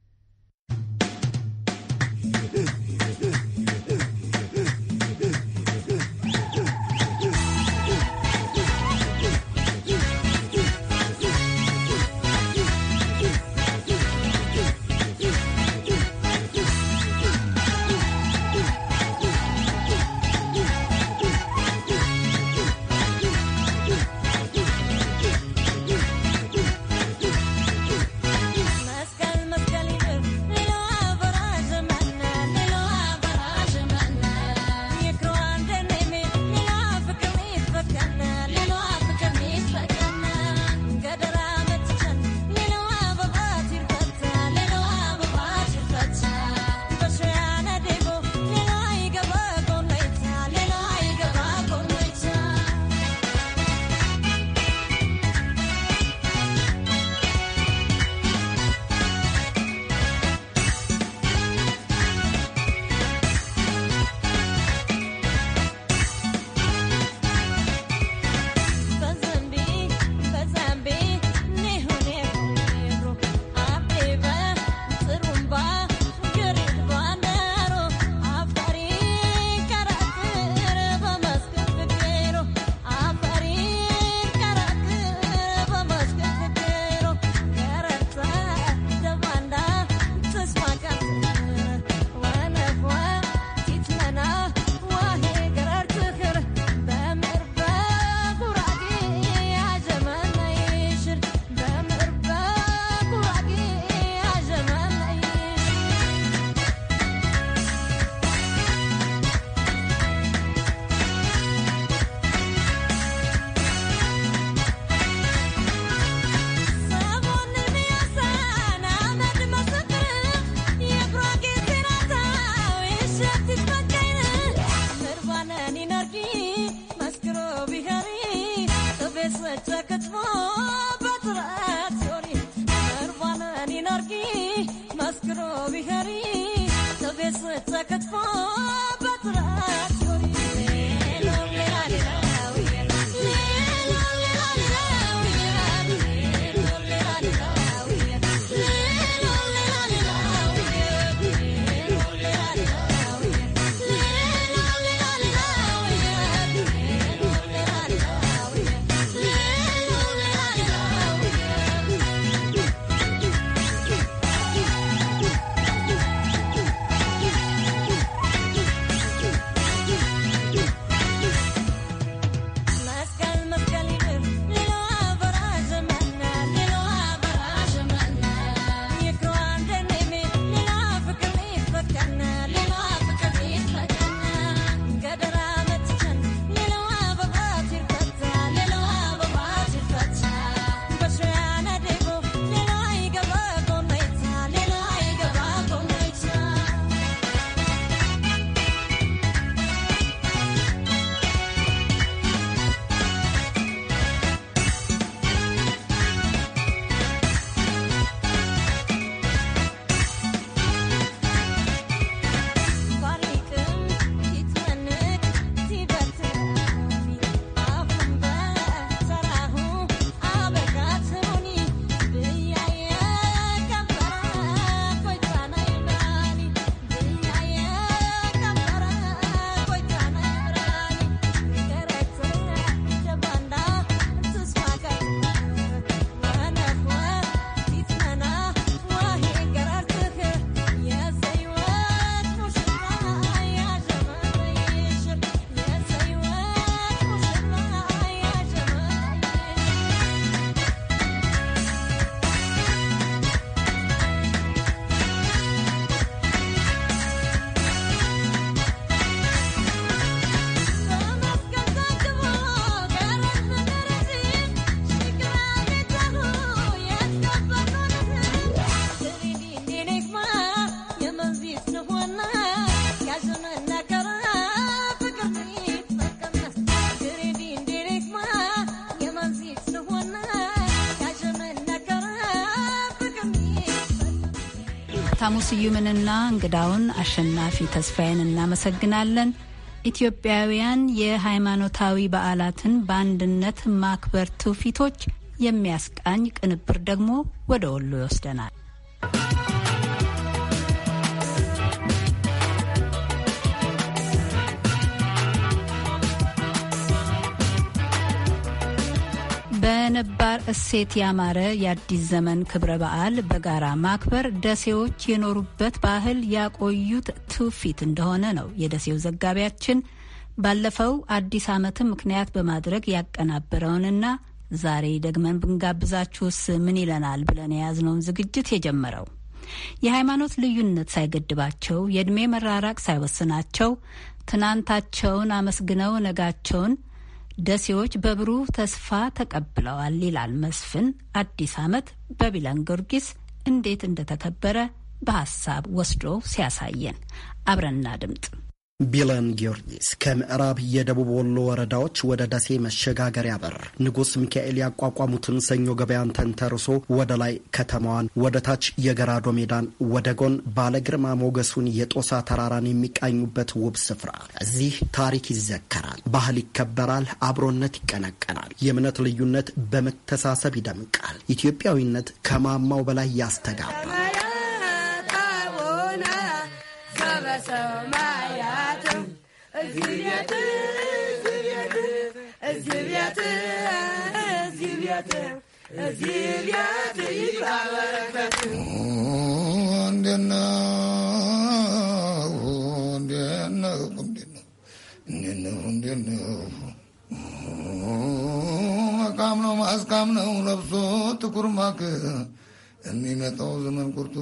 ሀብታሙ ስዩምንና እንግዳውን አሸናፊ ተስፋዬን እናመሰግናለን። ኢትዮጵያውያን የሃይማኖታዊ በዓላትን በአንድነት ማክበር ትውፊቶች የሚያስቃኝ ቅንብር ደግሞ ወደ ወሎ ይወስደናል። በነባር እሴት ያማረ የአዲስ ዘመን ክብረ በዓል በጋራ ማክበር ደሴዎች የኖሩበት ባህል ያቆዩት ትውፊት እንደሆነ ነው የደሴው ዘጋቢያችን ባለፈው አዲስ ዓመትን ምክንያት በማድረግ ያቀናበረውንና ዛሬ ደግመን ብንጋብዛችሁስ ምን ይለናል ብለን የያዝነውን ዝግጅት የጀመረው። የሃይማኖት ልዩነት ሳይገድባቸው፣ የዕድሜ መራራቅ ሳይወስናቸው፣ ትናንታቸውን አመስግነው ነጋቸውን ደሴዎች በብሩህ ተስፋ ተቀብለዋል ይላል መስፍን። አዲስ ዓመት በቢለን ጊዮርጊስ እንዴት እንደተከበረ በሀሳብ ወስዶ ሲያሳየን አብረና ድምጥ ቢለን ጊዮርጊስ ከምዕራብ የደቡብ ወሎ ወረዳዎች ወደ ደሴ መሸጋገሪያ በር ንጉስ ሚካኤል ያቋቋሙትን ሰኞ ገበያን ተንተርሶ ወደ ላይ ከተማዋን፣ ወደ ታች የገራዶ ሜዳን፣ ወደ ጎን ባለ ግርማ ሞገሱን የጦሳ ተራራን የሚቃኙበት ውብ ስፍራ። እዚህ ታሪክ ይዘከራል፣ ባህል ይከበራል፣ አብሮነት ይቀነቀናል፣ የእምነት ልዩነት በመተሳሰብ ይደምቃል፣ ኢትዮጵያዊነት ከማማው በላይ ያስተጋባል። ነው ማስካም ነው ለብሶ ጥቁር ማክ የሚመጣው ዘመን ቁርጡ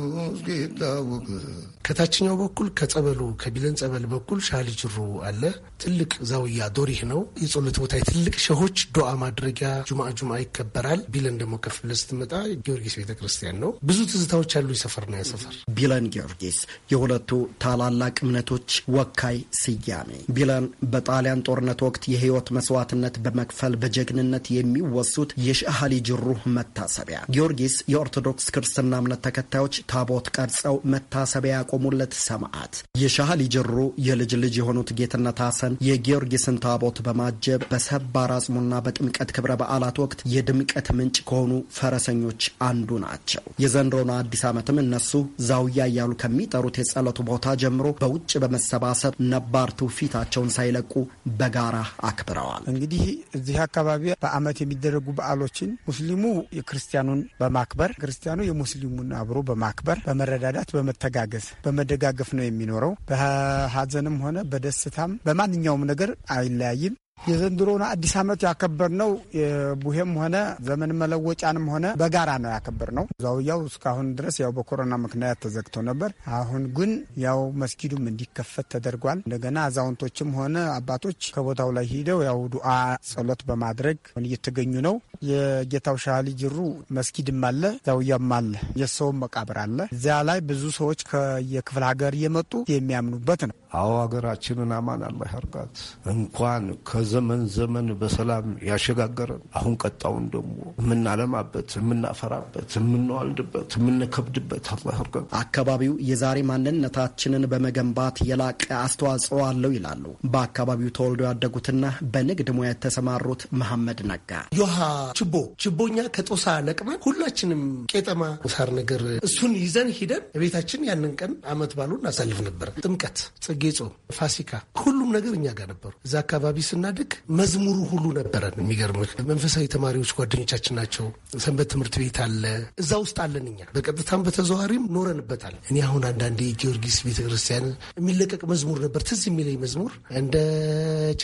ከታችኛው በኩል ከጸበሉ ከቢለን ጸበል በኩል ሻሊ ጅሩ አለ። ትልቅ ዛውያ ዶሪህ ነው የጸሎት ቦታ ትልቅ ሸሆች ዱዓ ማድረጊያ ጁማ ጁማ ይከበራል። ቢለን ደግሞ ከፍ ብለህ ስትመጣ ጊዮርጊስ ክርስቲያን ነው። ብዙ ትዝታዎች ያሉ የሰፈር ነው ያሰፈር ቢለን ጊዮርጊስ የሁለቱ ታላላቅ እምነቶች ወካይ ስያሜ። ቢለን በጣሊያን ጦርነት ወቅት የህይወት መስዋዕትነት በመክፈል በጀግንነት የሚወሱት የሻሊ ጅሩ መታሰቢያ ጊዮርጊስ የኦርቶዶክስ ክርስትና እምነት ተከታዮች ታቦት ቀርጸው መታሰቢያ ያቆሙለት ሰማዕት የሻህ ሊጅሩ የልጅ ልጅ የሆኑት ጌትነት ሐሰን የጊዮርጊስን ታቦት በማጀብ በሰባር አጽሙና በጥምቀት ክብረ በዓላት ወቅት የድምቀት ምንጭ ከሆኑ ፈረሰኞች አንዱ ናቸው። የዘንድሮን አዲስ ዓመትም እነሱ ዛውያ እያሉ ከሚጠሩት የጸለቱ ቦታ ጀምሮ በውጭ በመሰባሰብ ነባር ትውፊታቸውን ሳይለቁ በጋራ አክብረዋል። እንግዲህ እዚህ አካባቢ በዓመት የሚደረጉ በዓሎችን ሙስሊሙ የክርስቲያኑን በማክበር ክርስቲያኑ ክርስቲያኑ የሙስሊሙን አብሮ በማክበር በመረዳዳት፣ በመተጋገዝ፣ በመደጋገፍ ነው የሚኖረው። በሀዘንም ሆነ በደስታም በማንኛውም ነገር አይለያይም። የዘንድሮን አዲስ ዓመት ያከበርነው የቡሄም ሆነ ዘመን መለወጫንም ሆነ በጋራ ነው ያከበርነው። ዛውያው እስካሁን ድረስ ያው በኮሮና ምክንያት ተዘግቶ ነበር። አሁን ግን ያው መስጊዱም እንዲከፈት ተደርጓል። እንደገና አዛውንቶችም ሆነ አባቶች ከቦታው ላይ ሂደው ያው ዱዓ ጸሎት በማድረግ እየተገኙ ነው። የጌታው ሻሊ ጅሩ መስጊድም አለ፣ ዛውያም አለ፣ የሰውም መቃብር አለ። እዚያ ላይ ብዙ ሰዎች ከየክፍለ ሀገር እየመጡ የሚያምኑበት ነው። አዎ ሀገራችንን አማን አላህ ያርጋት እንኳን ከዘመን ዘመን በሰላም ያሸጋገረን አሁን ቀጣውን ደግሞ የምናለማበት፣ የምናፈራበት፣ የምንዋልድበት የምንከብድበት አላህ ያርገን። አካባቢው የዛሬ ማንነታችንን በመገንባት የላቀ አስተዋጽኦ አለው ይላሉ በአካባቢው ተወልደው ያደጉትና በንግድ ሙያ የተሰማሩት መሐመድ ነጋ። ዮሃ ችቦ ችቦኛ ከጦሳ ለቅመን ሁላችንም ቄጠማ ሳር ነገር እሱን ይዘን ሂደን ቤታችን ያንን ቀን አመት ባሉ እናሳልፍ ነበር። ጥምቀት፣ ጽጌ ጾም፣ ፋሲካ ሁሉም ነገር እኛ ጋር ነበሩ። እዛ አካባቢ ስና ስናድግ መዝሙሩ ሁሉ ነበረን። የሚገርምህ መንፈሳዊ ተማሪዎች ጓደኞቻችን ናቸው። ሰንበት ትምህርት ቤት አለ፣ እዛ ውስጥ አለን። እኛ በቀጥታም በተዘዋሪም ኖረንበታል። እኔ አሁን አንዳንዴ ጊዮርጊስ ቤተክርስቲያን የሚለቀቅ መዝሙር ነበር ትዝ የሚለኝ መዝሙር እንደ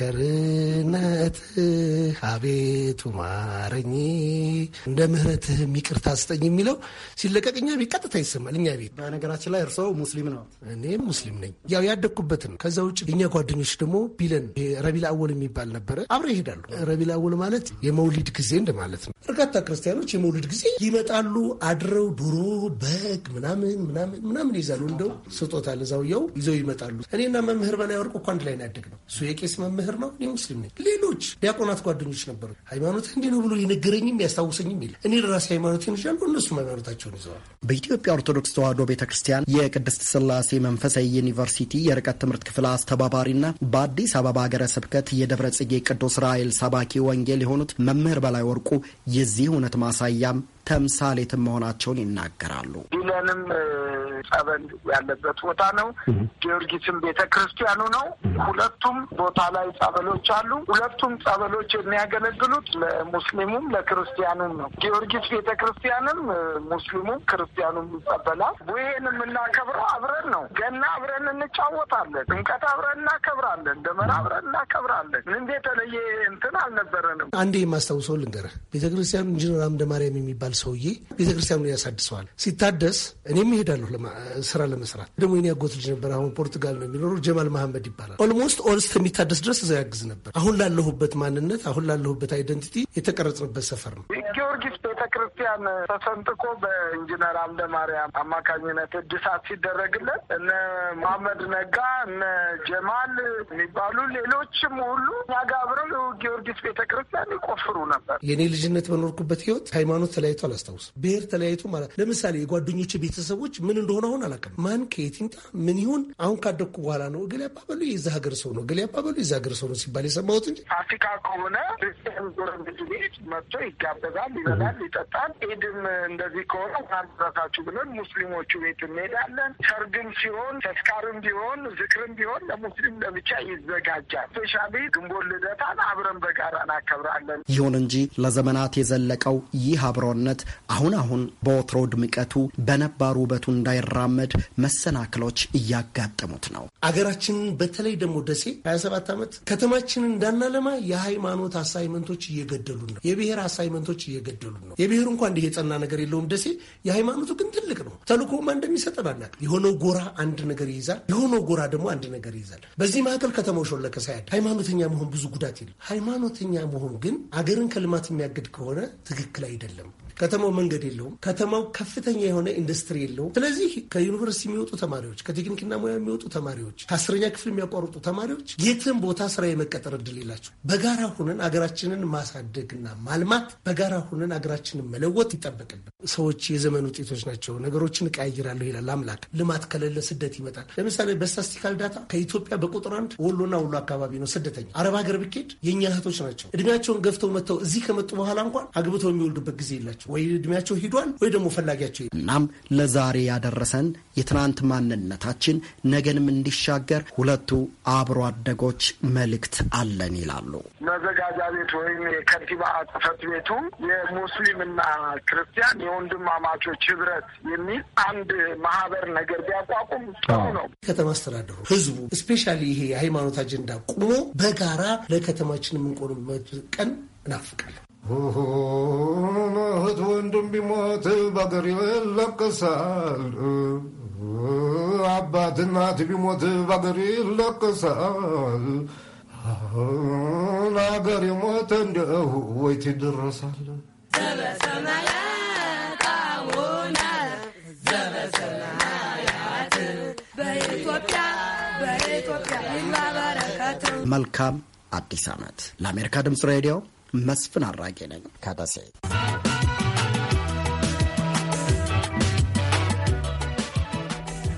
ቸርነትህ አቤቱ ማረኝ እንደ ምሕረትህ ይቅርታ ስጠኝ የሚለው ሲለቀቅ እኛ ቤት ቀጥታ ይሰማል። እኛ ቤት በነገራችን ላይ እርሰው ሙስሊም ነው፣ እኔም ሙስሊም ነኝ። ያው ያደግኩበት ነው። ከዛ ውጭ እኛ ጓደኞች ደግሞ ቢለን ረቢል አወል የሚባል በዓል ነበረ፣ አብረ ይሄዳሉ። ረቢል አወል ማለት የመውሊድ ጊዜ እንደማለት ነው። በርካታ ክርስቲያኖች የመውሊድ ጊዜ ይመጣሉ። አድረው ዶሮ፣ በግ ምናምን ምናምን ምናምን ይዛሉ። እንደው ስጦታ ለዛውየው ይዘው ይመጣሉ። እኔና መምህር በላይ ወርቁ እኮ አንድ ላይ ናደግ ነው። እሱ የቄስ መምህር ነው፣ እኔ ሙስሊም ነኝ። ሌሎች ዲያቆናት ጓደኞች ነበሩ። ሃይማኖት እንዲህ ነው ብሎ የነገረኝም ያስታውሰኝም የለ። እኔ ለራሴ ሃይማኖት ይዣለሁ፣ እነሱም ሃይማኖታቸውን ይዘዋል። በኢትዮጵያ ኦርቶዶክስ ተዋህዶ ቤተ ክርስቲያን የቅድስት ስላሴ መንፈሳዊ ዩኒቨርሲቲ የርቀት ትምህርት ክፍል አስተባባሪና በአዲስ አበባ ሀገረ ስብከት የደብረ ጽጌ ቅዱስ ራኤል ሰባኪ ወንጌል የሆኑት መምህር በላይ ወርቁ የዚህ እውነት ማሳያም ተምሳሌትም መሆናቸውን ይናገራሉ። ቢለንም ጸበል ያለበት ቦታ ነው። ጊዮርጊስም ቤተ ክርስቲያኑ ነው። ሁለቱም ቦታ ላይ ጸበሎች አሉ። ሁለቱም ጸበሎች የሚያገለግሉት ለሙስሊሙም ለክርስቲያኑም ነው። ጊዮርጊስ ቤተ ክርስቲያንም ሙስሊሙም ክርስቲያኑም ይጸበላል። ቡሄን የምናከብረው አብረን ነው። ገና አብረን እንጫወታለን። ጥምቀት አብረን እናከብራለን። ደመራ አብረን እናከብራለን። እንደ የተለየ እንትን አልነበረንም። አንዴ የማስታውሰው ልንገርህ። ቤተ ክርስቲያኑ ኢንጂነር አምደ ማርያም የሚባል ሰውዬ ቤተ ክርስቲያኑ ያሳድሰዋል። ሲታደስ እኔም ይሄዳለሁ ለማ ስራ ለመስራት ደግሞ የኔ አጎት ልጅ ነበር። አሁን ፖርቱጋል ነው የሚኖረው። ጀማል መሐመድ ይባላል። ኦልሞስት ኦል እስከሚታደስ ድረስ እዛ ያግዝ ነበር። አሁን ላለሁበት ማንነት፣ አሁን ላለሁበት አይደንቲቲ የተቀረጽንበት ሰፈር ነው። ጊዮርጊስ ቤተክርስቲያን ተሰንጥቆ በኢንጂነር አምደ ማርያም አማካኝነት እድሳት ሲደረግለት እነ መሐመድ ነጋ እነ ጀማል የሚባሉ ሌሎችም ሁሉ እኛ ጋ አብረው ጊዮርጊስ ቤተክርስቲያን ይቆፍሩ ነበር። የእኔ ልጅነት በኖርኩበት ህይወት ሃይማኖት ተለያይቶ አላስታውስም። ብሔር ተለያይቶ ማለት ለምሳሌ የጓደኞች ቤተሰቦች ምን እንደሆነ አሁን አሁን አላውቅም። ማን ከየት ይምጣ ምን ይሁን አሁን ካደኩ በኋላ ነው እገሌ አባበሉ የዛ ሀገር ሰው ነው እገሌ አባበሉ የዛ ሀገር ሰው ነው ሲባል የሰማሁት እንጂ አፍሪካ ከሆነ ጎረቤቱ ቤት መጥቶ ይጋበዛል፣ ይበላል፣ ይጠጣል። ኢድም እንደዚህ ከሆነ እንኳን ብለን ሙስሊሞቹ ቤት እንሄዳለን። ሰርግም ሲሆን ተስካርም ቢሆን ዝክርም ቢሆን ለሙስሊም ለብቻ ይዘጋጃል። ስፔሻሊ ግንቦት ልደታን አብረን በጋራ እናከብራለን። ይሁን እንጂ ለዘመናት የዘለቀው ይህ አብሮነት አሁን አሁን በወትሮ ድምቀቱ በነባሩ ውበቱ እንዳይራ እንዲራመድ መሰናክሎች እያጋጠሙት ነው። አገራችን በተለይ ደግሞ ደሴ 27 ዓመት ከተማችን እንዳናለማ የሃይማኖት አሳይመንቶች እየገደሉ ነው። የብሔር አሳይመንቶች እየገደሉ ነው። የብሔሩ እንኳ እንዲህ የጸና ነገር የለውም ደሴ፣ የሃይማኖቱ ግን ትልቅ ነው። ተልኮ አንድ እንደሚሰጠ ባናቅ፣ የሆነው ጎራ አንድ ነገር ይይዛል፣ የሆነው ጎራ ደግሞ አንድ ነገር ይይዛል። በዚህ መካከል ከተማው ሾለከ ሳያድ ሃይማኖተኛ መሆን ብዙ ጉዳት የለም። ሃይማኖተኛ መሆን ግን አገርን ከልማት የሚያግድ ከሆነ ትክክል አይደለም። ከተማው መንገድ የለውም። ከተማው ከፍተኛ የሆነ ኢንዱስትሪ የለውም። ስለዚህ ከዩኒቨርሲቲ የሚወጡ ተማሪዎች፣ ከቴክኒክና ሙያ የሚወጡ ተማሪዎች፣ ከአስረኛ ክፍል የሚያቋርጡ ተማሪዎች የትም ቦታ ስራ የመቀጠር እድል የላቸው። በጋራ ሁነን አገራችንን ማሳደግና ማልማት፣ በጋራ ሁነን አገራችንን መለወጥ ይጠበቅብን። ሰዎች የዘመን ውጤቶች ናቸው። ነገሮች ነገሮችን እቀያይራለሁ ይላል አምላክ። ልማት ከሌለ ስደት ይመጣል። ለምሳሌ በስታስቲካል ዳታ ከኢትዮጵያ በቁጥር አንድ ወሎና ወሎ አካባቢ ነው ስደተኛ። አረብ ሀገር ብኬድ የእኛ እህቶች ናቸው። እድሜያቸውን ገፍተው መጥተው እዚህ ከመጡ በኋላ እንኳን አግብተው የሚወልዱበት ጊዜ የላቸው። ወይ እድሜያቸው ሂዷል፣ ወይ ደግሞ ፈላጊያቸው። እናም ለዛሬ ያደረሰን የትናንት ማንነታችን ነገንም እንዲሻገር ሁለቱ አብሮ አደጎች መልእክት አለን ይላሉ። መዘጋጃ ቤት ወይም የከንቲባ ጽሕፈት ቤቱ የሙስሊምና ክርስቲያን የወንድማማቾች ህብረት የሚል አንድ ማህበር ነገር ቢያቋቁም ጥሩ ነው። ከተማ አስተዳደሩ ህዝቡ፣ እስፔሻሊ ይሄ የሃይማኖት አጀንዳ ቁሞ በጋራ ለከተማችን የምንቆምበት ቀን እናፍቃለን። እህት ወንድም ቢሞት በገር ይለቅሳል። አባት እናት ቢሞት በገር ይለቅሳል። አገር የሞተ እንደሁ ወይት ይደረሳል። መልካም አዲስ ዓመት። ለአሜሪካ ድምፅ ሬዲዮ መስፍን አራጌ ነኝ ከደሴ።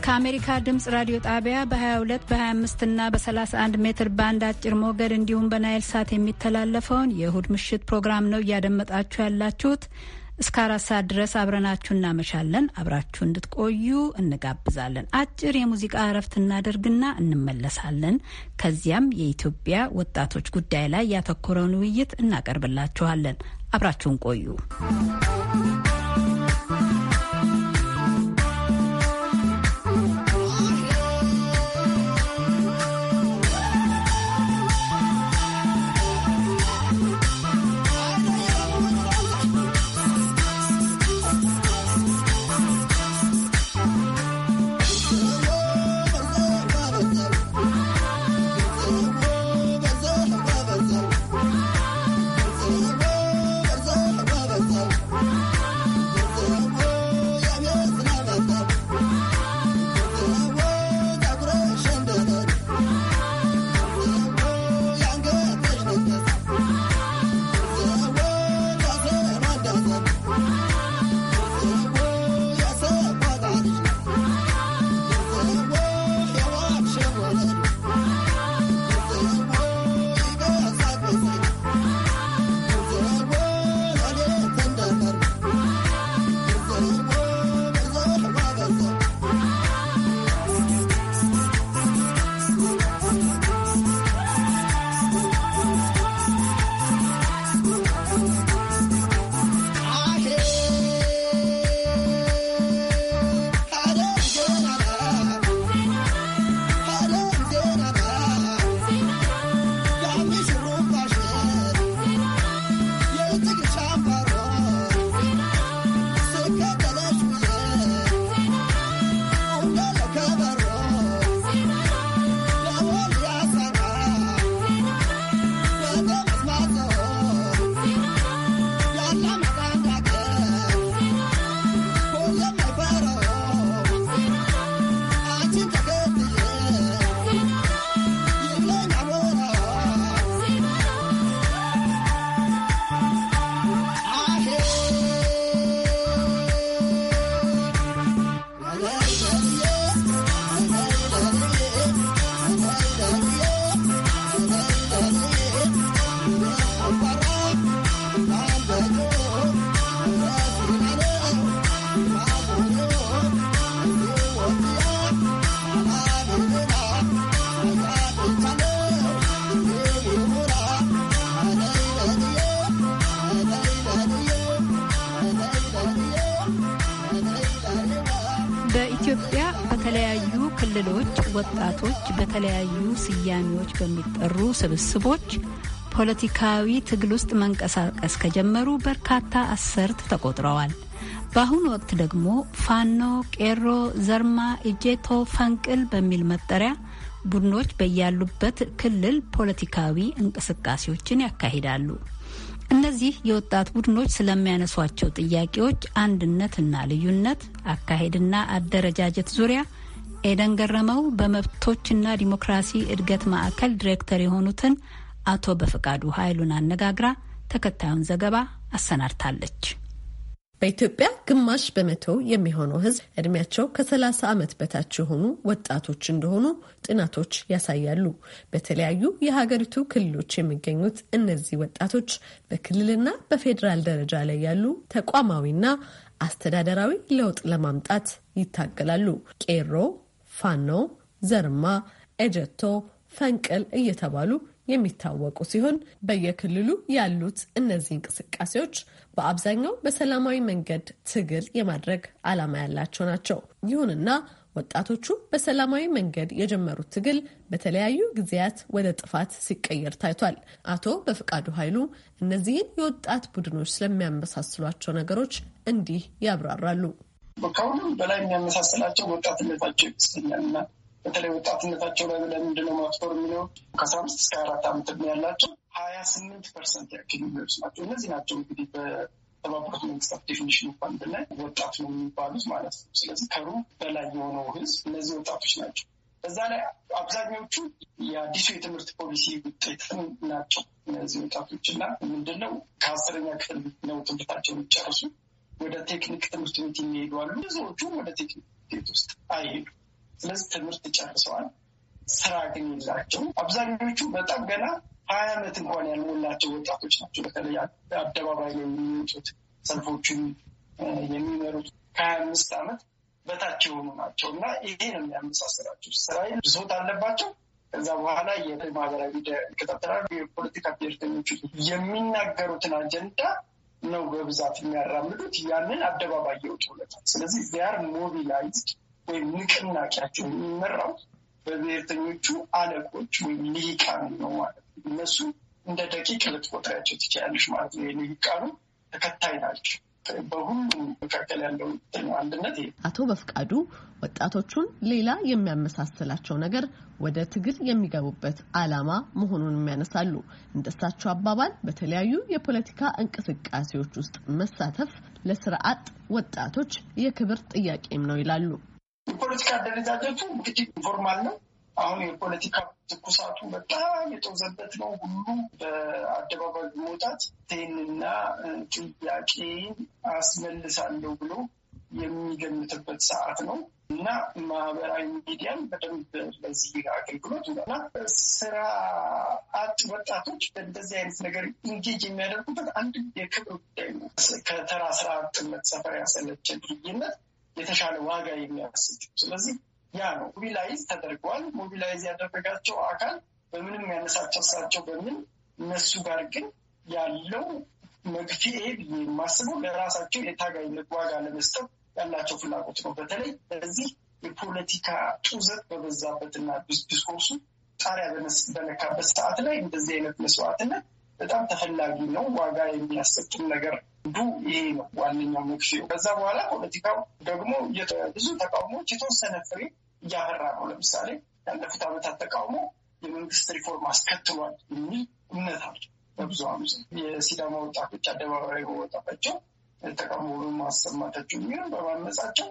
ከአሜሪካ ድምፅ ራዲዮ ጣቢያ በ22 በ25 እና በ31 ሜትር ባንድ አጭር ሞገድ እንዲሁም በናይል ሳት የሚተላለፈውን የእሁድ ምሽት ፕሮግራም ነው እያደመጣችሁ ያላችሁት። እስከ አራት ሰዓት ድረስ አብረናችሁ እናመሻለን። አብራችሁ እንድትቆዩ እንጋብዛለን። አጭር የሙዚቃ እረፍት እናደርግና እንመለሳለን። ከዚያም የኢትዮጵያ ወጣቶች ጉዳይ ላይ ያተኮረውን ውይይት እናቀርብላችኋለን። አብራችሁን ቆዩ። በሚጠሩ ስብስቦች ፖለቲካዊ ትግል ውስጥ መንቀሳቀስ ከጀመሩ በርካታ አሰርት ተቆጥረዋል። በአሁኑ ወቅት ደግሞ ፋኖ፣ ቄሮ፣ ዘርማ፣ እጄቶ፣ ፈንቅል በሚል መጠሪያ ቡድኖች በያሉበት ክልል ፖለቲካዊ እንቅስቃሴዎችን ያካሂዳሉ። እነዚህ የወጣት ቡድኖች ስለሚያነሷቸው ጥያቄዎች አንድነትና ልዩነት፣ አካሄድና አደረጃጀት ዙሪያ ኤደን ገረመው በመብቶችና ዲሞክራሲ እድገት ማዕከል ዲሬክተር የሆኑትን አቶ በፈቃዱ ኃይሉን አነጋግራ ተከታዩን ዘገባ አሰናድታለች። በኢትዮጵያ ግማሽ በመቶ የሚሆነው ሕዝብ እድሜያቸው ከ30 ዓመት በታች የሆኑ ወጣቶች እንደሆኑ ጥናቶች ያሳያሉ። በተለያዩ የሀገሪቱ ክልሎች የሚገኙት እነዚህ ወጣቶች በክልልና በፌዴራል ደረጃ ላይ ያሉ ተቋማዊና አስተዳደራዊ ለውጥ ለማምጣት ይታገላሉ። ቄሮ ፋኖ፣ ዘርማ፣ ኤጀቶ፣ ፈንቅል እየተባሉ የሚታወቁ ሲሆን በየክልሉ ያሉት እነዚህ እንቅስቃሴዎች በአብዛኛው በሰላማዊ መንገድ ትግል የማድረግ ዓላማ ያላቸው ናቸው። ይሁንና ወጣቶቹ በሰላማዊ መንገድ የጀመሩት ትግል በተለያዩ ጊዜያት ወደ ጥፋት ሲቀየር ታይቷል። አቶ በፍቃዱ ኃይሉ እነዚህን የወጣት ቡድኖች ስለሚያመሳስሏቸው ነገሮች እንዲህ ያብራራሉ። ከሁሉም በላይ የሚያመሳስላቸው ወጣትነታቸው ይመስለኛል እና በተለይ ወጣትነታቸው ላይ ለምንድነው ማክበር የሚለው ከአስራ አምስት እስከ አራት ዓመት ዕድሜ ያላቸው ሀያ ስምንት ፐርሰንት ያክል የሚሆኑት ናቸው። እነዚህ ናቸው እንግዲህ በተባበሩት መንግስታት ዴፊኒሽን እንኳን ብናይ ወጣት ነው የሚባሉት ማለት ነው። ስለዚህ ከሩብ በላይ የሆነው ህዝብ እነዚህ ወጣቶች ናቸው። በዛ ላይ አብዛኛዎቹ የአዲሱ የትምህርት ፖሊሲ ውጤትም ናቸው እነዚህ ወጣቶች እና ምንድነው ከአስረኛ ክፍል ነው ትምህርታቸውን የሚጨርሱ ወደ ቴክኒክ ትምህርት ቤት የሚሄዱ አሉ። ብዙዎቹ ወደ ቴክኒክ ቤት ውስጥ አይሄዱ። ስለዚህ ትምህርት ጨርሰዋል፣ ስራ ግን የላቸው። አብዛኞቹ በጣም ገና ሀያ ዓመት እንኳን ያልሞላቸው ወጣቶች ናቸው። በተለይ አደባባይ ላይ የሚወጡት ሰልፎችን የሚመሩት ከሀያ አምስት ዓመት በታች የሆኑ ናቸው እና ይሄ ነው የሚያመሳስላቸው። ስራ ብሶት አለባቸው። ከዛ በኋላ የማህበራዊ ሚዲያ ይከታተላሉ። የፖለቲካ ብሔርተኞች የሚናገሩትን አጀንዳ ነው በብዛት የሚያራምዱት። ያንን አደባባይ የውጡለታል። ስለዚህ ዚያር ሞቢላይዝድ ወይም ንቅናቄያቸው የሚመራው በብሔርተኞቹ አለቆች ወይም ሊቃን ነው ማለት ነው። እነሱ እንደ ደቂቅ ልትቆጥሪያቸው ትችላለች ማለት ነው። ሊቃኑ ተከታይ ናቸው። በሁሉም መካከል ያለው አንድነት። አቶ በፍቃዱ ወጣቶቹን ሌላ የሚያመሳስላቸው ነገር ወደ ትግል የሚገቡበት አላማ መሆኑን የሚያነሳሉ። እንደሳቸው አባባል በተለያዩ የፖለቲካ እንቅስቃሴዎች ውስጥ መሳተፍ ለስርዓት ወጣቶች የክብር ጥያቄም ነው ይላሉ። የፖለቲካ አደረጃጀቱ እንግዲህ ኢንፎርማል ነው አሁን የፖለቲካ ትኩሳቱ በጣም የጦዘበት ነው። ሁሉ በአደባባይ መውጣት ቴንና ጥያቄ አስመልሳለሁ ብሎ የሚገምትበት ሰዓት ነው እና ማህበራዊ ሚዲያን በደንብ ለዚህ አገልግሎት እና ስራ አጥ ወጣቶች በእንደዚህ አይነት ነገር ኢንጌጅ የሚያደርጉበት አንድ የክብር ጉዳይ ነው። ከተራ ስራ አጥነት፣ ሰፈር ያሰለችን ድርጅነት የተሻለ ዋጋ የሚያስችው ስለዚህ ያ ነው ሞቢላይዝ ተደርገዋል። ሞቢላይዝ ያደረጋቸው አካል በምንም ያነሳቸውሳቸው በምን እነሱ ጋር ግን ያለው መግፊኤ ብዬ የማስበው ለራሳቸው የታጋይነት ዋጋ ለመስጠት ያላቸው ፍላጎት ነው። በተለይ በዚህ የፖለቲካ ጡዘት በበዛበትና ዲስኮርሱ ጣሪያ በነካበት ሰዓት ላይ እንደዚህ አይነት መስዋዕትነት በጣም ተፈላጊ ነው። ዋጋ የሚያሰጡን ነገር አንዱ ይሄ ነው ዋነኛው መግፊያው። ከዛ በኋላ ፖለቲካው ደግሞ ብዙ ተቃውሞዎች የተወሰነ ፍሬ እያበራ ነው። ለምሳሌ ያለፉት ዓመታት ተቃውሞ የመንግስት ሪፎርም አስከትሏል የሚል እምነት አለ በብዙሃኑ ዘንድ። የሲዳማ ወጣቶች አደባባይ በወጣታቸው ተቃውሞ በማሰማታቸው የሚሆን በማነጻቸው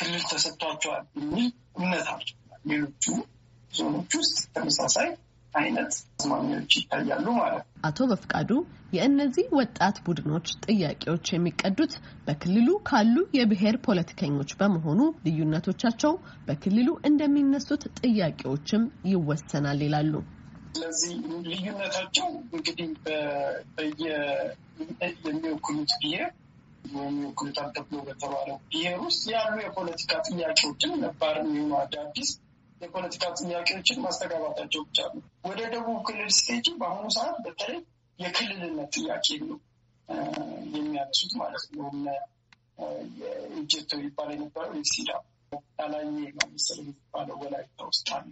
ክልል ተሰጥቷቸዋል የሚል እምነት አለ። ሌሎቹ ዞኖች ውስጥ ተመሳሳይ አይነት አዝማሚዎች ይታያሉ ማለት ነው። አቶ በፍቃዱ የእነዚህ ወጣት ቡድኖች ጥያቄዎች የሚቀዱት በክልሉ ካሉ የብሔር ፖለቲከኞች በመሆኑ ልዩነቶቻቸው በክልሉ እንደሚነሱት ጥያቄዎችም ይወሰናል ይላሉ። ስለዚህ ልዩነታቸው እንግዲህ የሚወክሉት ብሔር የሚወክሉት አልተብሎ በተባለው ብሔር ውስጥ ያሉ የፖለቲካ ጥያቄዎችን ነባር የሚሆኑ አዳዲስ የፖለቲካ ጥያቄዎችን ማስተጋባታቸው ብቻ ነው። ወደ ደቡብ ክልል ስቴጅ በአሁኑ ሰዓት በተለይ የክልልነት ጥያቄ ነው የሚያነሱት ማለት ነው። የእጀቶ ይባል የነበረው የሲዳ ጣላዬ ማመሰል የሚባለው ወላይታ ውስጥ አለ።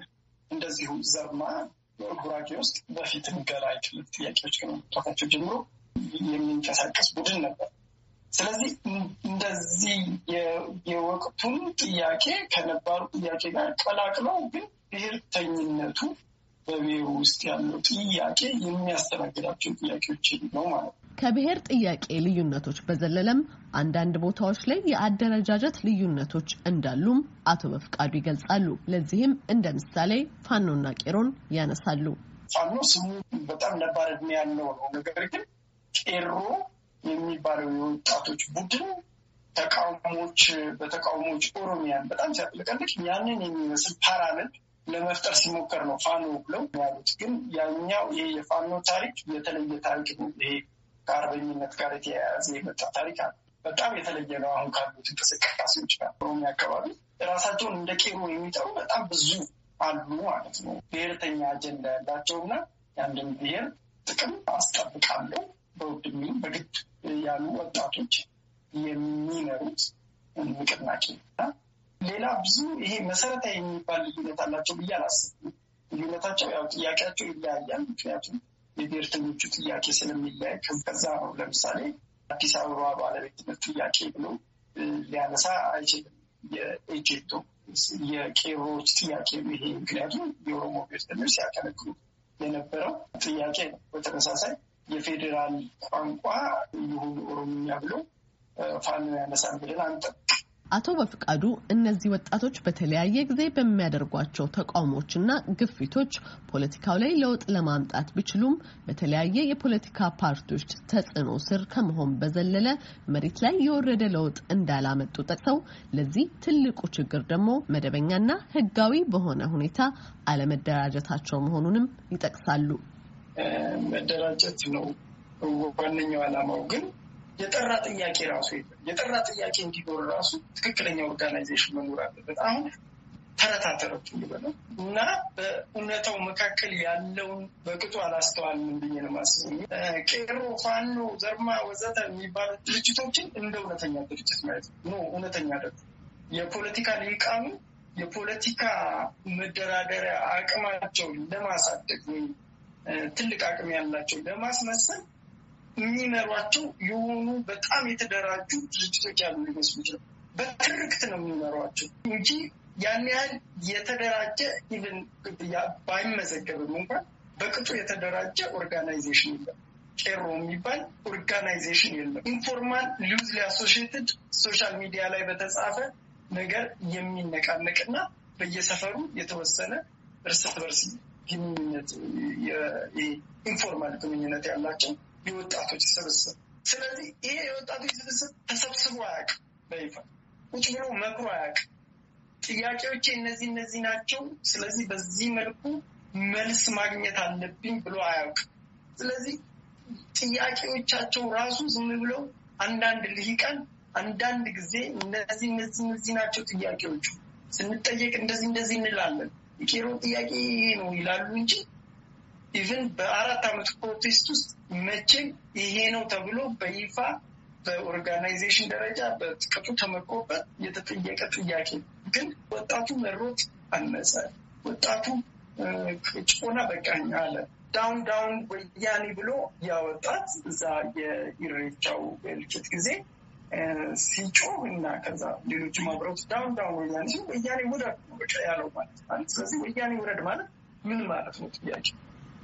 እንደዚሁ ዘርማ ጉራጌ ውስጥ በፊትም ገራ ክልል ጥያቄዎች ከመጣታቸው ጀምሮ የሚንቀሳቀስ ቡድን ነበር። ስለዚህ እንደዚህ የወቅቱን ጥያቄ ከነባሩ ጥያቄ ጋር ቀላቅለው ግን ብሔርተኝነቱ በብሔሩ ውስጥ ያለው ጥያቄ የሚያስተናግዳቸው ጥያቄዎች ነው ማለት ነው። ከብሔር ጥያቄ ልዩነቶች በዘለለም አንዳንድ ቦታዎች ላይ የአደረጃጀት ልዩነቶች እንዳሉም አቶ በፍቃዱ ይገልጻሉ። ለዚህም እንደ ምሳሌ ፋኖና ቄሮን ያነሳሉ። ፋኖ ስሙ በጣም ነባር እድሜ ያለው ነው። ነገር ግን ቄሮ የሚባለው የወጣቶች ቡድን ተቃውሞች በተቃውሞዎች ኦሮሚያን በጣም ሲያጥለቀልቅ ያንን የሚመስል ፓራለል ለመፍጠር ሲሞከር ነው ፋኖ ብለው ያሉት። ግን ያኛው ይሄ የፋኖ ታሪክ የተለየ ታሪክ ነው። ይሄ ከአርበኝነት ጋር የተያያዘ የመጣ ታሪክ አለ። በጣም የተለየ ነው። አሁን ካሉት እንቅስቃሴዎች ጋር ኦሮሚያ አካባቢ ራሳቸውን እንደ ቄሮ የሚጠሩ በጣም ብዙ አሉ ማለት ነው። ብሔርተኛ አጀንዳ ያላቸውና የአንድን ብሔር ጥቅም አስጠብቃለሁ በውድሚ በግድ ያሉ ወጣቶች የሚመሩት ንቅናቄ እና ሌላ ብዙ ይሄ መሰረታዊ የሚባል ልዩነት አላቸው ብዬ አላስብም። ልዩነታቸው ያው ጥያቄያቸው ይለያያል። ምክንያቱም የብሔርተኞቹ ጥያቄ ስለሚለያይ ከዛ ነው። ለምሳሌ አዲስ አበባ ባለቤትነት ጥያቄ ብሎ ሊያነሳ አይችልም። የኤጀቶ የቄሮዎች ጥያቄ ይሄ ምክንያቱም የኦሮሞ ብሔርተኞች ሲያከለክሉ የነበረው ጥያቄ ነው። በተመሳሳይ የፌዴራል ቋንቋ ይሁን ኦሮምኛ ብሎ ፋኖ ያነሳል ብለን አቶ በፍቃዱ እነዚህ ወጣቶች በተለያየ ጊዜ በሚያደርጓቸው ተቃውሞችና ግፊቶች ፖለቲካው ላይ ለውጥ ለማምጣት ቢችሉም በተለያየ የፖለቲካ ፓርቲዎች ተጽዕኖ ስር ከመሆን በዘለለ መሬት ላይ የወረደ ለውጥ እንዳላመጡ ጠቅሰው ለዚህ ትልቁ ችግር ደግሞ መደበኛና ሕጋዊ በሆነ ሁኔታ አለመደራጀታቸው መሆኑንም ይጠቅሳሉ። መደራጀት ነው ዋነኛው ዓላማው። ግን የጠራ ጥያቄ ራሱ የለም። የጠራ ጥያቄ እንዲኖር ራሱ ትክክለኛ ኦርጋናይዜሽን መኖር አለበት። አሁን ተረታተረቱ ይበለው እና በእውነታው መካከል ያለውን በቅጡ አላስተዋልም ብዬ ነው የማስበው። ቄሮ፣ ፋኖ፣ ዘርማ ወዘተ የሚባሉ ድርጅቶችን እንደ እውነተኛ ድርጅት ማለት ነው። እውነተኛ ድርጅት የፖለቲካ ሊቃኑ የፖለቲካ መደራደሪያ አቅማቸውን ለማሳደግ ወይም ትልቅ አቅም ያላቸው ለማስመሰል የሚመሯቸው የሆኑ በጣም የተደራጁ ድርጅቶች ያሉ ሊመስሉ ይችላል። በትርክት ነው የሚመሯቸው እንጂ ያን ያህል የተደራጀ ኢቨን ባይመዘገብም እንኳን በቅጡ የተደራጀ ኦርጋናይዜሽን የለም። ቄሮ የሚባል ኦርጋናይዜሽን የለም። ኢንፎርማል ሉዝሊ አሶሽትድ ሶሻል ሚዲያ ላይ በተጻፈ ነገር የሚነቃነቅና በየሰፈሩ የተወሰነ እርስ በርስ ግንኙነት ኢንፎርማል ግንኙነት ያላቸው የወጣቶች ስብስብ። ስለዚህ ይሄ የወጣቶች ስብስብ ተሰብስቦ አያውቅም። በይፋ ቁጭ ብሎ መክሮ አያውቅም። ጥያቄዎቼ እነዚህ እነዚህ ናቸው፣ ስለዚህ በዚህ መልኩ መልስ ማግኘት አለብኝ ብሎ አያውቅም። ስለዚህ ጥያቄዎቻቸው ራሱ ዝም ብለው አንዳንድ ልሂቃን አንዳንድ ጊዜ እነዚህ እነዚህ እነዚህ ናቸው ጥያቄዎቹ፣ ስንጠየቅ እንደዚህ እንደዚህ እንላለን፣ የቄሮ ጥያቄ ይሄ ነው ይላሉ እንጂ ኢቨን በአራት ዓመት ፕሮቴስት ውስጥ መቼም ይሄ ነው ተብሎ በይፋ በኦርጋናይዜሽን ደረጃ በጥቅቱ ተመቆበት የተጠየቀ ጥያቄ ግን ወጣቱ መሮት አነጸ። ወጣቱ ጭቆና በቃኝ አለ። ዳውን ዳውን ወያኔ ብሎ ያወጣት እዛ የኢሬቻው ልጭት ጊዜ ሲጮህ እና ከዛ ሌሎች አብረውት ዳውን ዳውን ወያኔ ሲሉ ወያኔ ውረድ ነው ያለው ማለት ማለት። ስለዚህ ወያኔ ውረድ ማለት ምን ማለት ነው? ጥያቄ